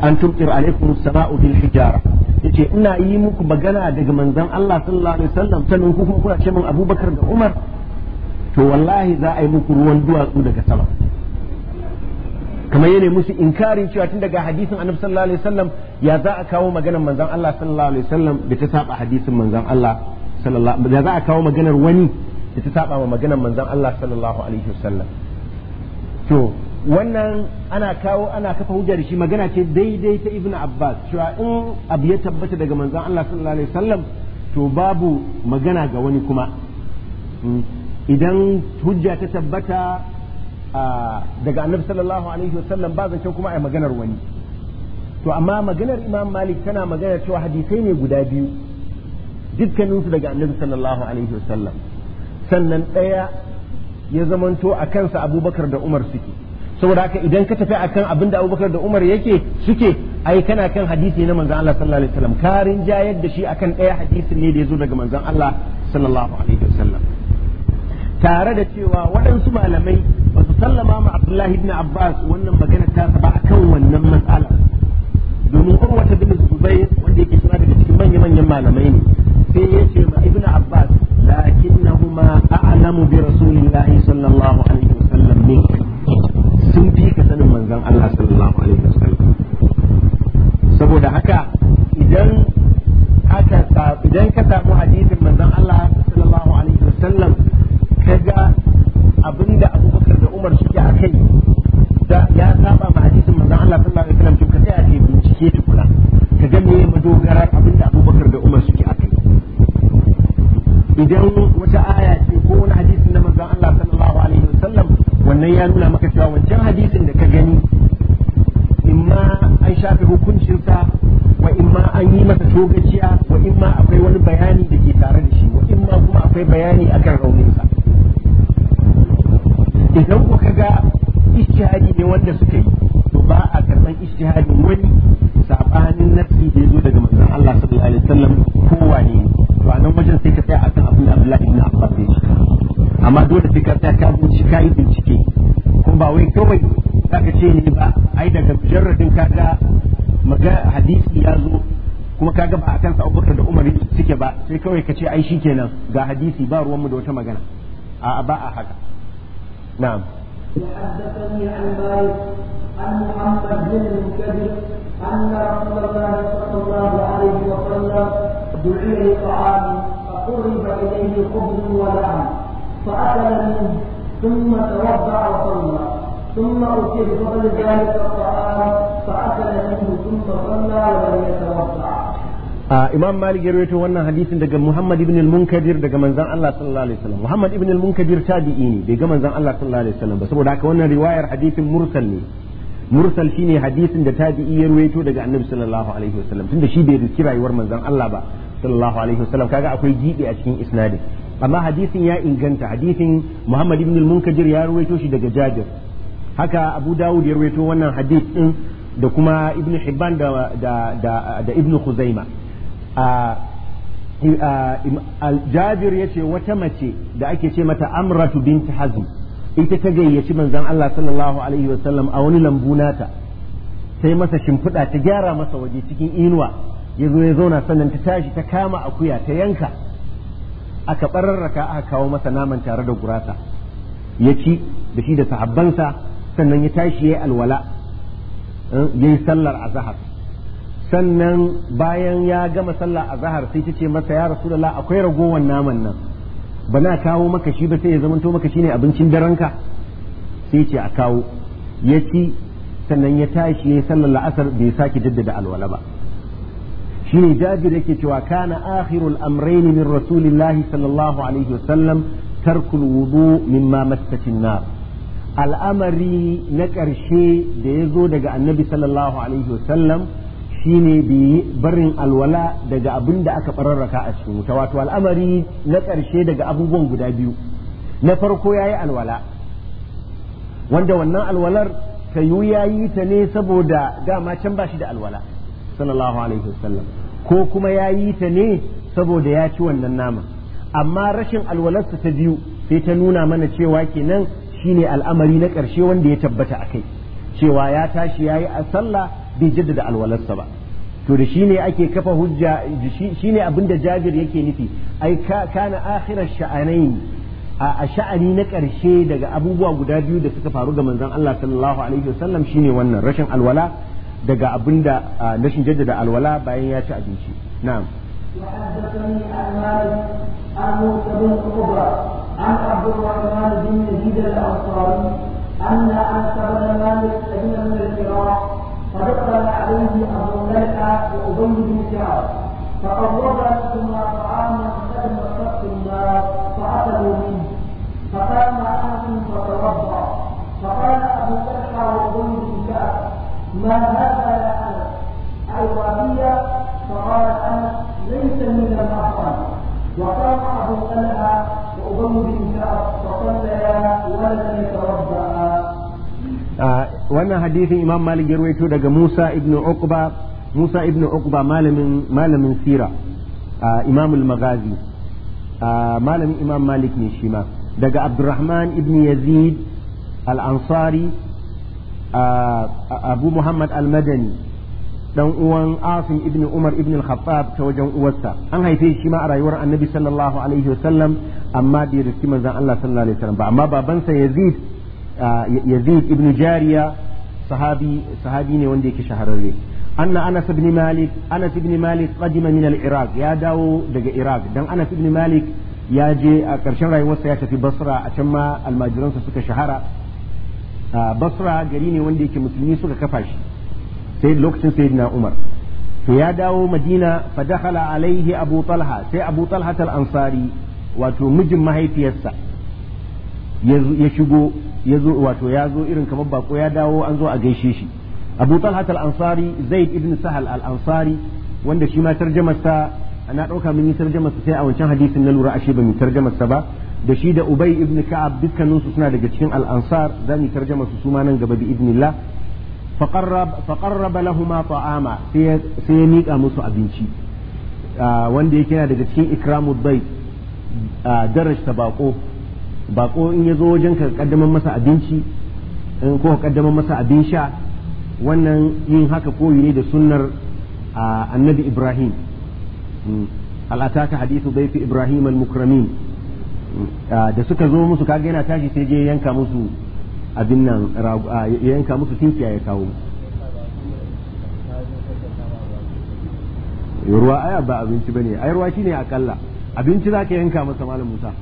أن تمطر عليكم السماء بالحجارة yace ina yi muku magana daga manzon Allah sallallahu alaihi sallam sannan ku kuma kuna ce min Abubakar da Umar to wallahi za a yi muku ruwan duwatsu daga sama kamar yana musu inkari cewa tun daga hadisin annabi sallallahu alaihi wasallam ya za a kawo maganar manzon Allah sallallahu alaihi wasallam da ta saba hadisin manzon Allah sallallahu ya za a kawo maganar wani da ta saba wa maganar manzon Allah sallallahu alaihi wasallam to wannan ana kawo ana kafa hujja da shi magana ce daidai ta ibnu abbas cewa in abu ya tabbata daga manzon Allah sallallahu alaihi wasallam to babu magana ga wani kuma hmm. idan hujja ta tabbata daga annabi sallallahu alaihi wasallam ba zancen kuma a maganar wani to amma maganar imam malik tana maganar cewa hadisai ne guda biyu dukkaninsu daga annabi sallallahu alaihi wasallam sannan ɗaya ya zamanto a kansa abubakar da umar suke saboda haka idan ka tafi akan abin da abubakar da umar yake suke ai kana kan hadisi na manzon Allah sallallahu alaihi wasallam karin jayar da shi akan ɗaya hadisin ne da ya zo daga manzon Allah sallallahu alaihi wasallam tare da cewa waɗansu malamai ba su sallama ma Abdullahi ibn Abbas wannan magana ta ba kan wannan matsala domin kuma wata bin Zubair wanda yake suna daga cikin manya manyan malamai ne sai ya ce ma Ibn Abbas lakinnahuma a'lamu bi Rasulillah sallallahu alaihi wasallam ne sun fi ka sanin manzon Allah sallallahu alaihi wasallam saboda haka idan aka idan ka samu hadisin manzon Allah sallallahu alaihi wasallam Ka ga abin da abubakar da umar suke a kai da ya saba ma hadisin manzon Allah sallallahu alaihi wasallam ka sai a bincike ta kula ka ga me madogara da abubakar da umar suke a kai idan wata aya ce ko wani hadisin na manzon Allah sallallahu alaihi wasallam wannan ya nuna maka cewa wancan hadisin da ka gani imma an shafe sa wa imma an yi masa togaciya wa imma akwai wani bayani da ke tare da shi wa imma kuma akwai bayani akan raunin sa. idan kuka ga ijtihadi ne wanda suka yi to ba a karɓar ijtihadin wani sabanin nasi da yazo daga manzon Allah sallallahu alaihi wasallam kowa ne to a nan wajen sai ka tsaya akan abin Abdullah ibn Abbas ya amma dole sai ka tsaya ka kai yi bincike ko ba wai kawai zaka ce ne ba ai daga jarradin kaga maga hadisi ya zo kuma kaga ba akan Abu Bakar da Umar suke ba sai kawai ka ce ai shikenan ga hadisi ba ruwanmu da wata magana a'a ba a haka نعم وحدثني عن مالك عن محمد بن المنكدر أن رسول الله صلى الله عليه وسلم دعي لطعام فقرب إليه خبز ولحم فأكل منه ثم توضأ وصلى ثم اوتي بفضل ذلك الطعام فأكل منه ثم صلى ولم يتوضأ Ah, imam malik ya rawaito wannan hadisin daga muhammad ibn al-munkadir daga manzon Allah sallallahu alaihi wasallam muhammad ibn al-munkadir tabi'i ne bai ga manzon Allah sallallahu alaihi wasallam ba saboda haka wannan riwayar hadisin mursal ne mursal shine hadisin da tabi'i ya rawaito daga annabi sallallahu alaihi wasallam tunda shi bai riski rayuwar manzon Allah ba sallallahu alaihi wasallam kaga akwai gibi a cikin isnadin amma hadisin ya inganta hadisin muhammad ibn al-munkadir ya rawaito shi daga jajir haka abu dawud ya rawaito wannan hadis da kuma ibn hibban da da da, da ibn khuzaimah jabir ya ce wata mace da ake ce mata amratu Binta hazm ita ta gayyaci manzon Allah sallallahu alaihi wasallam a wani lambu nata sai masa shimfiɗa ta gyara masa waje cikin inuwa ya zo ya zauna sannan ta tashi ta kama akuya ta yanka aka bararraka aka kawo masa naman tare da gurasa ya ci da shi da sahabbansa sannan ya tashi ya yi alwala eh, ya yi sallar azahar sannan bayan ya gama sallah a zahar sai ta ce masa ya rasu da akwai ragowar naman nan ba na kawo maka shi ba sai ya zamanto maka ne abincin daranka sai ce a kawo ya ci sannan ya tashi ya sallar la'asar bai sake jaddada alwala ba shine jabir yake cewa kana akhirul amrayn min rasulillahi sallallahu alaihi wasallam tarkul wudu mimma mastatin nar al'amari na ƙarshe da ya zo daga annabi sallallahu alaihi wasallam shine bi barin alwala daga abin da aka bararraka a cikin wuta wato al'amari na ƙarshe daga abubuwan guda biyu na farko yayi alwala wanda wannan alwalar ta yi yayi ta ne saboda dama can ba shi da alwala sallallahu alaihi wasallam ko kuma yayi ta ne saboda ya ci wannan nama amma rashin alwalarsa ta biyu sai ta nuna mana cewa kenan shine al'amari na ƙarshe wanda ya tabbata akai cewa ya tashi yayi a sallah bai jaddada alwalarsa ba to da shine ake kafa hujja shine ne abin da jabir yake nufi ai kana akhirar sha'anain a sha'ani na karshe daga abubuwa guda biyu da suka faru ga manzon Allah sallallahu alaihi wasallam shine wannan rashin alwala daga abin da rashin jaddada alwala bayan ya ci abinci na'am وحدثني عن عبد الرحمن بن يزيد الأنصاري أن أنس بن مالك سئل من العراق فدخل عليه ابو طلحه وابي بن كعب فقرب ثم طعاما فلم يتق النار فاكلوا منه فقام احد فتوضا فقال ابو طلحه وابي بن كعب ما هذا يا انس وابي فقال انس ليس من المحرم وقام ابو طلحه وابي بن كعب يا ولم يتوضا wannan hadithin imam malik ya rawaito daga musa ibn uqba musa ibn uqba malamin malamin sira imam al-maghazi malamin imam malik ne shi ma daga abdurrahman ibn yazid al-ansari abu muhammad al-madani dan uwan Asim ibn Umar ibn al-Khattab ta wajen uwarsa an haife shi ma a rayuwar Annabi sallallahu alaihi wasallam amma bai riski manzon Allah sallallahu alaihi wasallam ba amma babansa Yazid yazid ibn jariya sahabi sahabi ne wanda yake shahararre anna anas ibn malik anas ibn malik qadima min ya dawo daga Irak. dan anas ibn malik ya je a karshen rayuwarsa ya tafi basra a can ma almajiransa suka shahara basra gari ne wanda yake musulmi suka kafa shi sai lokacin sayyidina umar to ya dawo madina fa dakhala alaihi abu talha sai abu talha al ansari wato mijin mahaifiyarsa ya shigo ya zo wato ya zo irin kamar bako ya dawo an zo a gaishe shi abu talhat al-ansari zaid ibn sahal al-ansari wanda shi ma tarjamarsa ana ɗauka mun yi tarjamarsa sai a wancan hadisin na lura ashe ba mu tarjamarsa ba da shi da ubay ibn ka'ab dukkaninsu suna daga cikin al-ansar za mu tarjamarsu su ma nan gaba bi idnillah faqarrab faqarraba lahumu ta'ama sai sai ya mika musu abinci ah, wanda yake yana daga cikin ikramud bayt ah, darajta baƙo. Baƙo in ya zo wajen ka kaddamar masa abinci in ko kaddamar masa abin sha wannan yin haka koyi ne da sunnar annabi ibrahim mm. al'ataka hadithu daifi ibrahim al-mukramin mm. da suka zo musu kaga yana tashi sai je yanka musu abin nan ya yanka musu tinkiya ya kawo ruwa aya ba abinci bane ai ruwa shine akalla abinci zaka yanka masa malam musa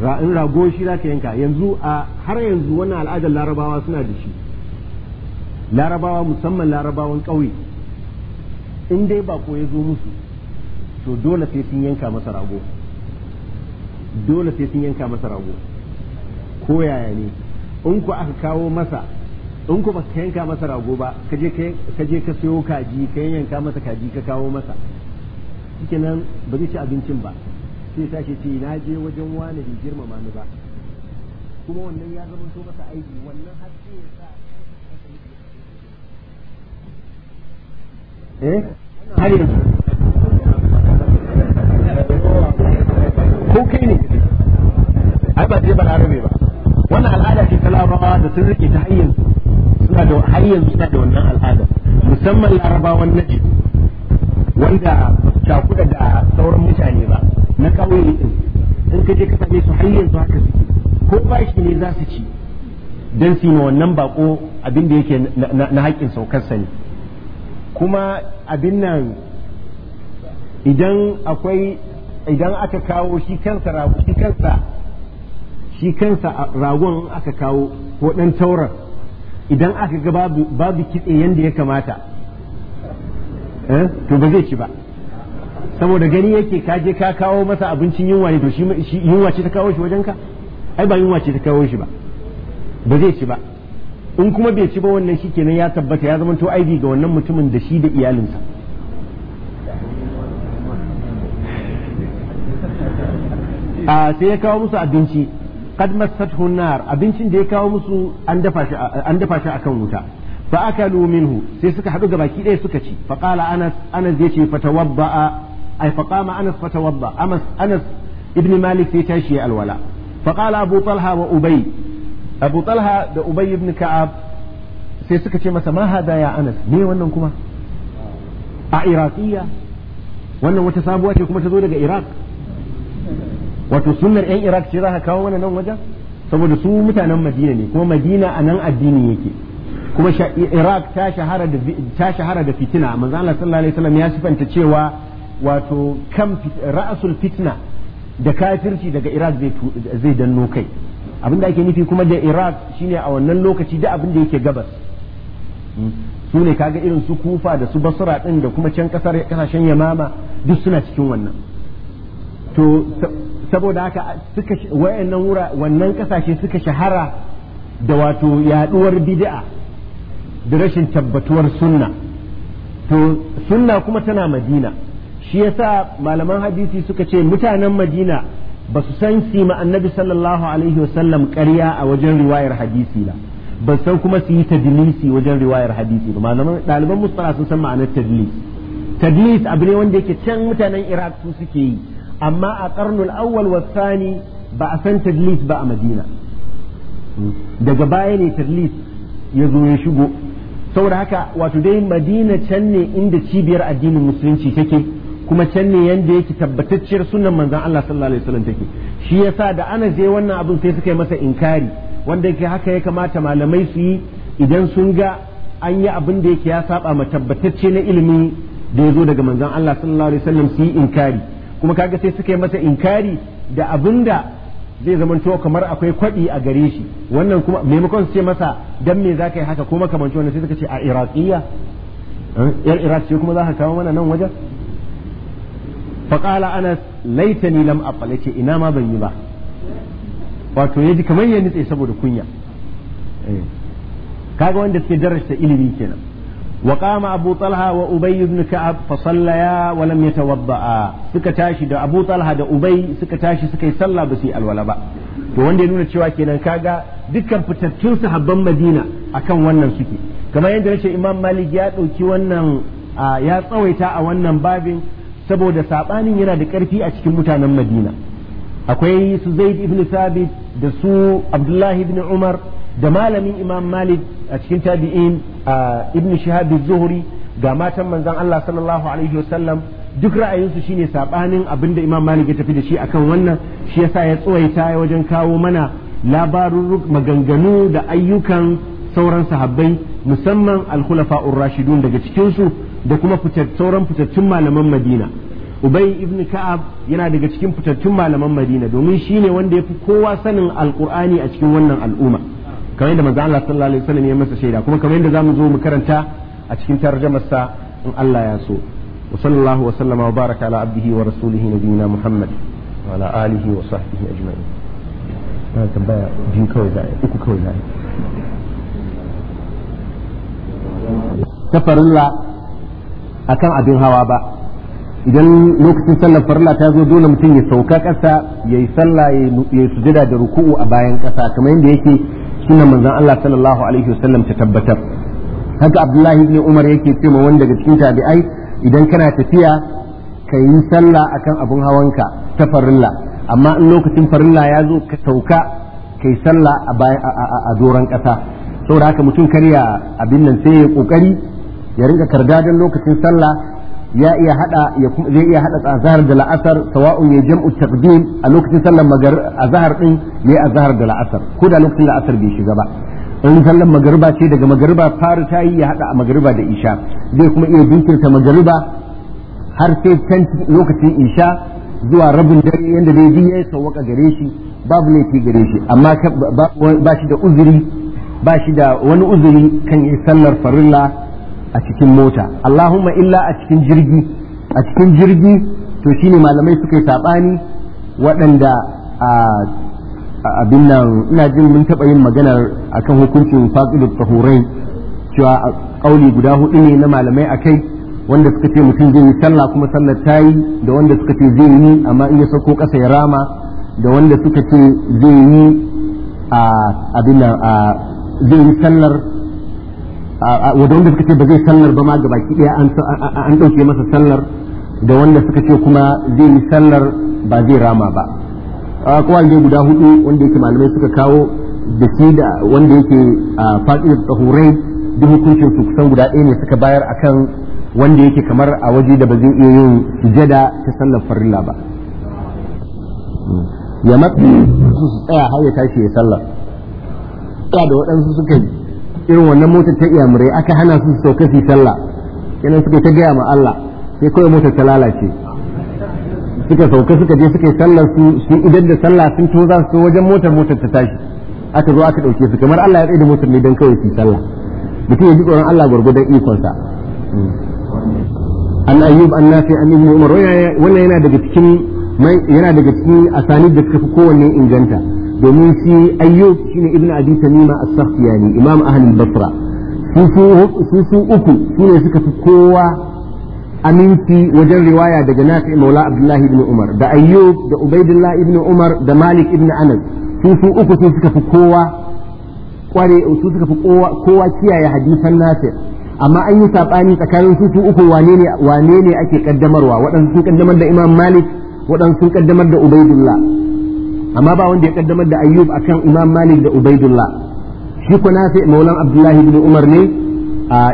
in rago shi za ka yanka yanzu a har yanzu wannan al'adar larabawa suna da shi larabawa musamman larabawan ƙauye in dai bako ya zo musu to dole sai sun yanka masa rago dole sai sun yanka masa rago ko yaya ne in ku aka kawo masa in ku baka yanka masa rago ba ka je ka sayo kaji ka yanka masa kaji ka kawo masa shikenan ba zai ci abincin ba sai sake ce na je wajen wani bai girmama ni ba kuma wannan ya zama masa aiki eh? wannan har sai ya sa eh har ko kai ne ai ba dai balarabe ba wannan al'ada ce ta larabawa da sun rike ta hanyar suna da har yanzu suna da wannan al'ada musamman larabawan najib wanda cakuda da sauran mutane ba na ƙauye din in ka je ka same su har yanzu haka suke ko ba shi ne za su ci don su ma wannan baƙo abin da yake na haƙƙin saukarsa ne kuma abin nan idan akwai idan aka kawo shi kansa rago shi kansa shi kansa ragon aka kawo ko ɗan taurar idan aka ga babu kitse yadda ya kamata eh, to ba zai ci ba saboda gani yake ka je ka kawo masa abincin yunwa ne to shi yunwa ce ta kawo shi wajenka ai ba yunwa ce ta kawo shi ba ba zai ci ba in kuma bai ci ba wannan shi kenan ya tabbata ya zama to aibi ga wannan mutumin da shi da iyalinsa a sai ya kawo musu abinci qad massathu nar abincin da ya kawo musu an dafa shi an dafa shi akan wuta fa akalu minhu sai suka haɗu ga baki ɗaya suka ci fa qala anas anas yace a. أي فقام أنس فتوضأ أمس أنس ابن مالك في تاشي الولاء فقال أبو طلحة وأبي أبو طلحة أبي بن كعب سيسكت مسا ما هذا يا أنس مي ونن كما عراقية wannan wata sabuwa ce kuma ta zo daga iraq wato sunnar 'yan iraq ce za ka kawo mana nan wajen saboda su mutanen madina ne kuma madina a nan addini yake kuma iraq ta shahara da fitina manzo Allah sallallahu alaihi wasallam ya sifanta cewa wato kan ra'asul fitna da kafirci daga iraq zai danno kai abinda ake nufi kuma da iraq shine a wannan lokaci da abin yake gabas hmm. su ne kaga irin su kufa da su basura din da kuma can kasar kasashen yamama duk suna cikin wannan to saboda haka suka wayannan wura wannan kasashe suka shahara da wato yaduwar bid'a da rashin tabbatuwar sunna to sunna kuma tana madina shi yasa malaman hadisi suka ce mutanen madina ba su san si ma annabi sallallahu alaihi wasallam ƙarya a wajen riwayar hadisi ba ba san kuma su yi tadlisi wajen riwayar hadisi ba malaman ɗaliban mustara sun san ma'anar tadlis tadlis abu ne wanda yake can mutanen iraq su suke yi amma a karnul awwal wa thani ba a san tadlis ba a madina daga baya ne tadlis ya zo ya shigo saboda haka wato dai madina can ne inda cibiyar addinin musulunci take kuma can ne yanda yake tabbatacciyar sunan manzan Allah sallallahu alaihi wasallam take shi yasa da ana je wannan abin sai suka yi masa inkari wanda yake haka ya kamata malamai su yi idan sun ga an yi abin da yake ya saba ma tabbatacce na ilimi da ya zo daga manzan Allah sallallahu alaihi wasallam su yi inkari kuma kaga sai suka yi masa inkari da abin da zai zamanto kamar akwai kwaɗi a gare shi wannan kuma maimakon su ce masa dan me zaka yi haka ko makamanci wannan sai suka ce a iraqiyya eh, yar iraq kuma za ka kawo mana nan wajen faƙala anas laitani lam aqal yace ina ma ban yi ba wato yaji kamar ya nitse saboda kunya kaga wanda suke darasta ilimi kenan wa qama abu talha wa ubay ibn ka'ab fa sallaya wa lam yatawadda'a suka tashi da abu talha da ubay suka tashi suka yi sallah ba su yi alwala ba to wanda ya nuna cewa kenan kaga dukkan fitattun sahabban madina akan wannan suke kamar yadda nace imam malik ya dauki wannan ya tsawaita a wannan babin saboda sabanin yana da ƙarfi a cikin mutanen madina akwai su zaid ibn thabit da su abdullahi ibn umar da malamin imam malik a cikin tabi'in ibn shihab zuhri ga matan manzon Allah sallallahu alaihi wasallam duk ra'ayinsu shine sabanin abinda imam malik ya tafi da shi akan wannan shi yasa ya ya wajen kawo mana labarun maganganu da ayyukan sauran sahabbai musamman al-khulafa'ur rashidun daga cikin su da kuma sauran fitattun malaman madina ubay ibn ka'ab yana daga cikin fitattun malaman madina domin shi ne wanda ya fi kowa sanin alqur'ani a cikin wannan al'umma kamar yadda manzo Allah sallallahu alaihi wasallam ya masa shaida kuma kamar yadda zamu zo mu karanta a cikin tarjumar sa in Allah ya so wa sallallahu wa sallama wa baraka ala abdihi wa rasulih nabiyina muhammad wa ala alihi wa sahbihi ajma'in na tambaya biyu kawai za uku kawai za ta farilla akan abin hawa ba idan lokacin sallar farla ta zo dole mutum ya sauka kasa ya yi sallah ya yi sujada da ruku'u a bayan kasa kamar yadda yake suna manzon Allah sallallahu alaihi wasallam ta tabbatar haka Abdullahi ibn Umar yake ce ma wanda daga cikin tabi'ai idan kana tafiya ka yi sallah akan abin hawanka ta farilla amma in lokacin farilla ya zo ka sauka ka yi sallah a doron ƙasa saboda haka mutum karya abin nan sai ya ƙoƙari ya ringa kardadan lokacin sallah ya iya hada ya zai iya hada azhar da la'asar sawa'un ya jam'u taqdim a lokacin sallar magar azhar din ne azhar da la'asar ko da lokacin la'asar bai shiga ba in sallar magariba ce daga magariba fara ta yi ya hada a magariba da isha zai kuma iya jinkirta magariba har sai can lokacin isha zuwa rabin dare yadda dai biyu ya sauwaka gare shi babu laifi gare shi amma ba shi da uzuri ba shi da wani uzuri kan yi sallar farilla a cikin mota Allahumma illa a cikin jirgi a cikin jirgi to shine malamai suka yi sabani waɗanda abin nan ina jin mun taɓa yin maganar akan hukuncin faqidut tahurai cewa kauli guda hudu ne na malamai akai wanda suka ce mutum zai yi sallah kuma sallar tayi da wanda suka ce zai yi amma in ya sauko ƙasa ya rama da wanda suka ce zai yi a abin nan a zai yi sallar wadda wanda suka ce ba zai sallar ba ma ga baki ɗaya an ɗauke masa sallar da wanda suka ce kuma zai yi sallar ba zai rama ba a kowanne guda hudu wanda yake malamai suka kawo da shi da wanda yake faɗi da tsahurai da hukuncin su kusan guda ɗaya ne suka bayar akan wanda yake kamar a waje da ba zai iya yin sujada ta sallar farilla ba ya matsi su tsaya har ya tashi ya sallar da waɗansu suka yi irin wannan motar ta iyamurai aka hana su su sauka su sallah kenan suka ta gaya ma Allah sai kawai motar ta lalace suka sauka suka je suka yi sallar su su idan da sallah sun to za su wajen motar motar ta tashi aka zo aka dauke su kamar Allah ya tsaye da motar ne don kawai su sallah mutum ya ji tsoron Allah gwargwadon ikonsa an ayyub an nafi an ibn umar wannan yana daga cikin yana daga cikin asanin da suka fi kowanne inganta domin shi ayyub shine ibnu abi tamima as-sakhtiyani imam ahlul basra su su uku sune suka fi kowa aminci wajen riwaya daga nafi maula abdullahi ibn umar da ayyub da ubaidullah ibn umar da malik ibn anas su su uku su suka fi kowa kware su suka fi kowa kowa kiyaye hadisan nafi amma an yi sabani tsakanin su su uku wane ne wane ne ake kaddamarwa waɗansu sun kaddamar da imam malik waɗansu sun kaddamar da ubaidullah amma ba wanda ya kaddamar da ayyub akan imam malik da ubaidullah shi ko nafi maulan abdullahi ibn umar ne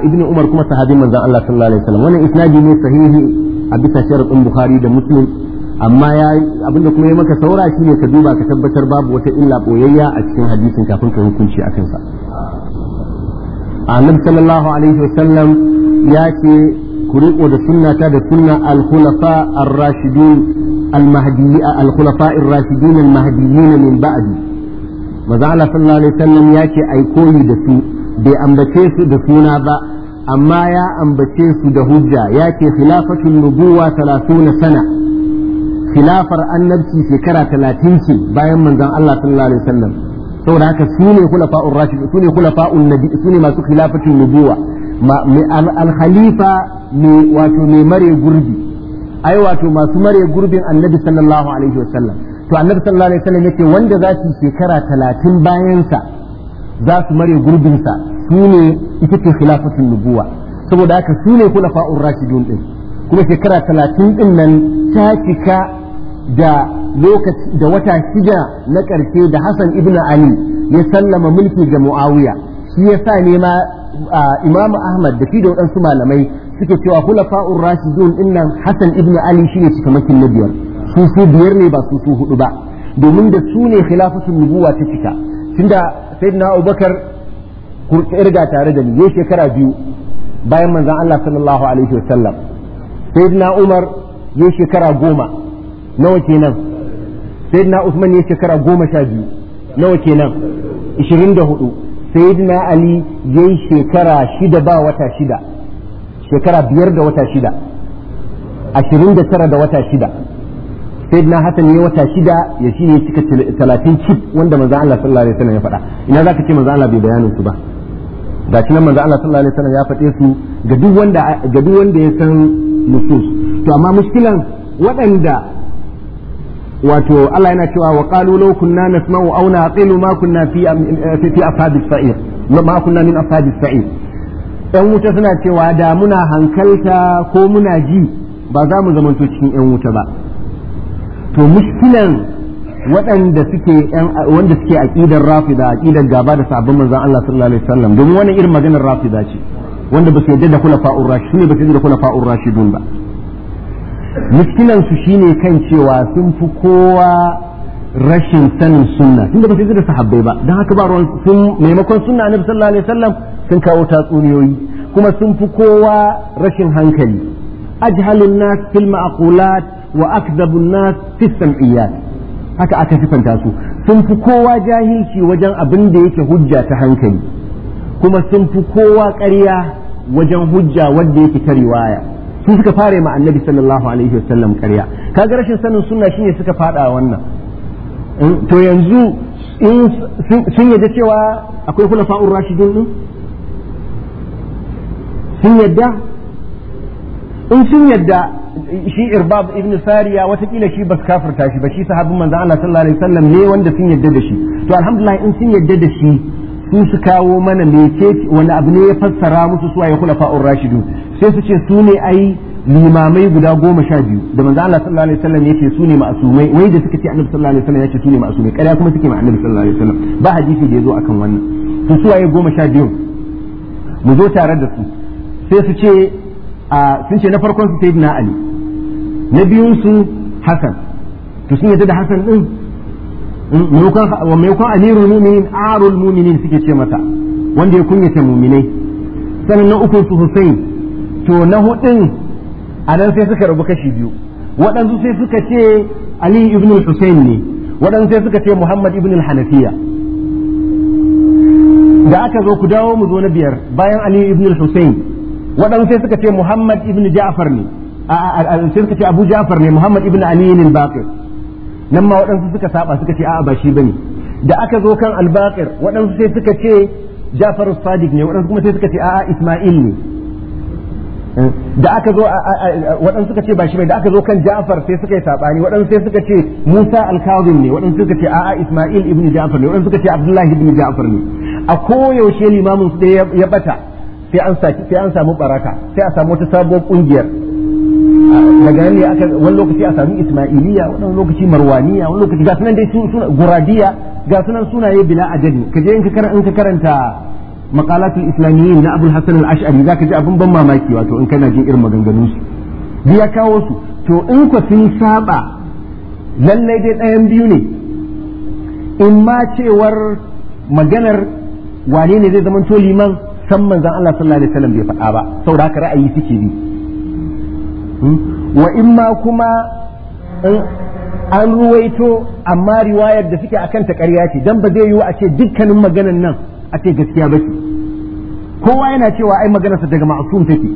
ibn umar kuma sahabin manzon Allah sallallahu alaihi wasallam wannan isnadi ne sahihi a bisa sharadin bukhari da muslim amma ya abinda kuma ya maka saura shi ne ka duba ka tabbatar babu wata illa boyayya a cikin hadisin kafin ka hukunci a kansa annabi sallallahu alaihi wasallam ya ce ku riƙo da sunnata da sunna al-khulafa ar-rashidin al-mahdiyyi al-khulafa ar-rashidin al-mahdiyyin min maza Allah sallallahu alaihi ya ce ai koyi da su bai ambace su da suna ba amma ya ambace su da hujja ya ce khilafatul nubuwa 30 sana khilafar annabci shekara 30 ce bayan manzon Allah sallallahu alaihi wasallam saboda haka su ne rashid su ne su ne masu khilafatul nubuwa al mai wato mai mare gurbi ai wato masu mare gurbin annabi sallallahu alaihi wasallam to annabi sallallahu alaihi wasallam yake wanda za su shekara talatin bayansa za su mare gurbinsa su ne ita ce khilafatun nubuwa saboda haka su ne kula fa'un rashidun din kuma shekara talatin din nan ta cika da lokaci da wata shida na ƙarshe da Hassan ibn Ali ya sallama mulki ga Muawiya shi yasa ne ma Imam Ahmad da fi da waɗansu malamai suke cewa khulafa'ur rashidun dinnan Hassan ibn Ali shi ne shine cikamakin na biyar su su biyar ne ba su su hudu ba domin da su ne khilafatul nubuwa ta cika tunda sayyidina Abubakar kurka tare da ni ya shekara biyu bayan manzan Allah sallallahu alaihi wasallam sayyidina Umar ya shekara goma nawa kenan sayyidina Usman ya shekara goma sha biyu nawa kenan ishirin da hudu sayyidina Ali ya shekara shida ba wata shida shekara biyar da wata shida ashirin da tara da wata shida sai na hasan ya wata shida ya shi ne cika talatin cif wanda manzo Allah sallallahu alaihi wasallam ya faɗa ina zaka ce manzo Allah bai bayanin su ba ga shi manzo Allah sallallahu alaihi wasallam ya faɗe su ga duk wanda ga duk wanda ya san nusus to amma mushkilan waɗanda wato Allah yana cewa wa qalu law kunna nasma'u aw naqilu ma kunna fi fi ashabi sa'ir ma kunna min ashabi sa'ir ‘yan wuta suna cewa da muna hankalta ko muna ji ba za mu zamanto cikin ‘yan wuta ba to muskilan waɗanda suke wanda suke aƙidar rafida aƙidar gaba da sabon manzan Allah sallallahu alaihi wasallam domin wannan irin maganar rafida ce wanda ba su yadda da kula fa'ur rashidun ne ba su yadda da kula fa'ur dun ba mushkilan su shine kan cewa sun fi kowa rashin sanin sunna tunda ba su da sahabbai ba don haka ba ruwan sun maimakon sunna annabi sallallahu alaihi wasallam sun kawo tatsuniyoyi kuma sun fi kowa rashin hankali ajhalun nas fil ma'qulat wa akdhabun nas fi sam'iyat haka aka sifanta su sun fi kowa jahilci wajen abin da yake hujja ta hankali kuma sun fi kowa ƙarya wajen hujja wadda yake ta riwaya suka fara ma annabi sallallahu alaihi wasallam ƙarya kaga rashin sanin sunna shine suka fada wannan to yanzu sun yadda cewa akwai hulafa'ur rashidin din sun yadda in sun yadda shi irbab ibn sariya watakila shi ba su kafirta shi ba shi sahabin manzan Allah sallallahu alaihi wasallam ne wanda sun yadda da shi to alhamdulillah in sun yadda da shi su su kawo mana mece wani abu ne ya fassara musu suwa ya kula fa'un rashidu sai su ce su ne ai limamai guda goma sha biyu da manzo Allah sallallahu alaihi wasallam yake su ne ma'asumai wai da suka ce annabi sallallahu alaihi wasallam yake su ne ma'asumai ƙarya kuma suke ma annabi sallallahu alaihi wasallam ba hadisi da yazo akan wannan to su waye goma sha biyu mu zo tare da su sai su ce sun ce na farkon su sayyidina Ali na biyun su Hassan to sun yadda da Hassan din maimakon maimakon amirul mu'minin arul mu'minin suke ce mata wanda ya kunyata mu'minai sannan na uku su Hussein to na hudin a nan sai suka rabu kashi biyu waɗansu sai suka ce ali ibn al ne waɗansu sai suka ce muhammad ibn al-hanafiya da aka zo ku dawo mu zo na biyar bayan ali ibn al-husayn waɗansu sai suka ce muhammad ibn ja'far ne sai suka ce abu ja'far ne muhammad ibn ali al-baqir nan ma waɗansu suka saba suka ce a'a ba shi bane da aka zo kan al-baqir waɗansu sai suka ce ja'far as-sadiq ne waɗansu kuma sai suka ce a'a isma'il ne da aka zo waɗansu suka ce ba shi bai da aka zo kan Ja'far sai suka yi sabani waɗansu sai suka ce Musa al-Kazim ne waɗansu suka ce a'a Isma'il ibn Ja'far ne waɗansu suka ce Abdullahi ibn Ja'far ne a koyaushe limamin su ya bata sai an saki sai an samu baraka sai a samu wata sabuwar kungiyar daga nan ne aka wani lokaci a sami Isma'iliya wani lokaci Marwaniya wani lokaci ga sunan dai suna Guradiya ga sunan sunaye bila adadi kaje in ka karanta maqalatul islamiyyin na abul hasan al-ash'ari zaka ji abin ban mamaki wato in kana jin irin maganganun su kawo su to in ku sun saba lallai dai ɗayan biyu ne in ma cewar maganar wane ne zai zama to liman san manzon Allah sallallahu alaihi bai faɗa ba saboda haka ra'ayi suke bi wa in ma kuma an ruwaito amma riwayar da suke akan ta ƙarya ce dan ba zai yiwu a ce dukkanin maganan nan a ce gaskiya bace kowa yana cewa ai maganarsa daga ma'asum take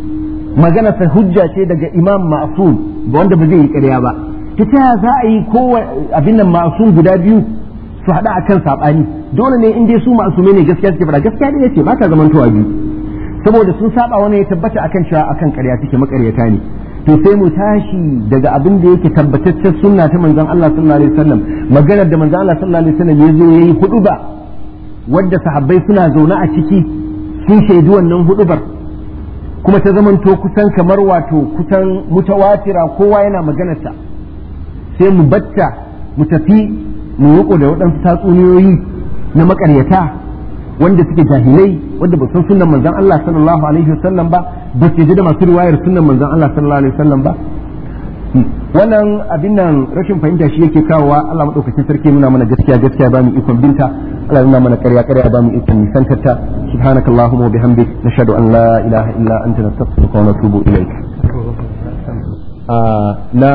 maganarsa hujja ce daga imam ma'asum ba wanda ba zai yi ƙarya ba ta ce za a yi kowa abin nan ma'asum guda biyu su haɗa kan saɓani dole ne in dai su ma'asume ne gaskiya suke faɗa gaskiya ne yace ba ta zamantowa biyu saboda sun saɓa wani ya tabbata akan cewa akan ƙarya suke maƙaryata ne to sai mu tashi daga abin da yake tabbataccen sunna ta manzon Allah sallallahu alaihi wasallam maganar da manzon Allah sallallahu alaihi wasallam yazo yayi hudu ba wadda sahabbai suna zaune a ciki sun shaidu wannan hudubar kuma ta zamanto kusan kamar wato kusan mutawatira kowa yana magana ta, sai mu batta mu tafi mu riko da waɗansu tatsuniyoyi na makaryata wanda suke jahilai wanda ba san sunnan manzon Allah sallallahu alaihi wasallam ba ba su da masu riwayar sunnan manzon Allah sallallahu alaihi wasallam ba wannan abin nan rashin fahimta shi yake kawowa Allah madaukakin sarki nuna mana gaskiya gaskiya ba mu ikon binta Allah nuna mana ƙarya ƙarya ba mu ikon nisantarta subhanakallahumma wa bihamdik nashhadu an la ilaha illa anta nastaghfiruka wa natubu ilaik ah, na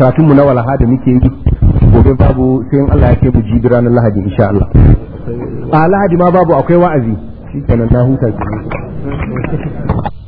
karatun mu na walaha da muke yi gobe babu sai in Allah ya kai mu jibi ranar Lahadi insha Allah a Lahadi ma babu akwai wa'azi shikenan na huta ki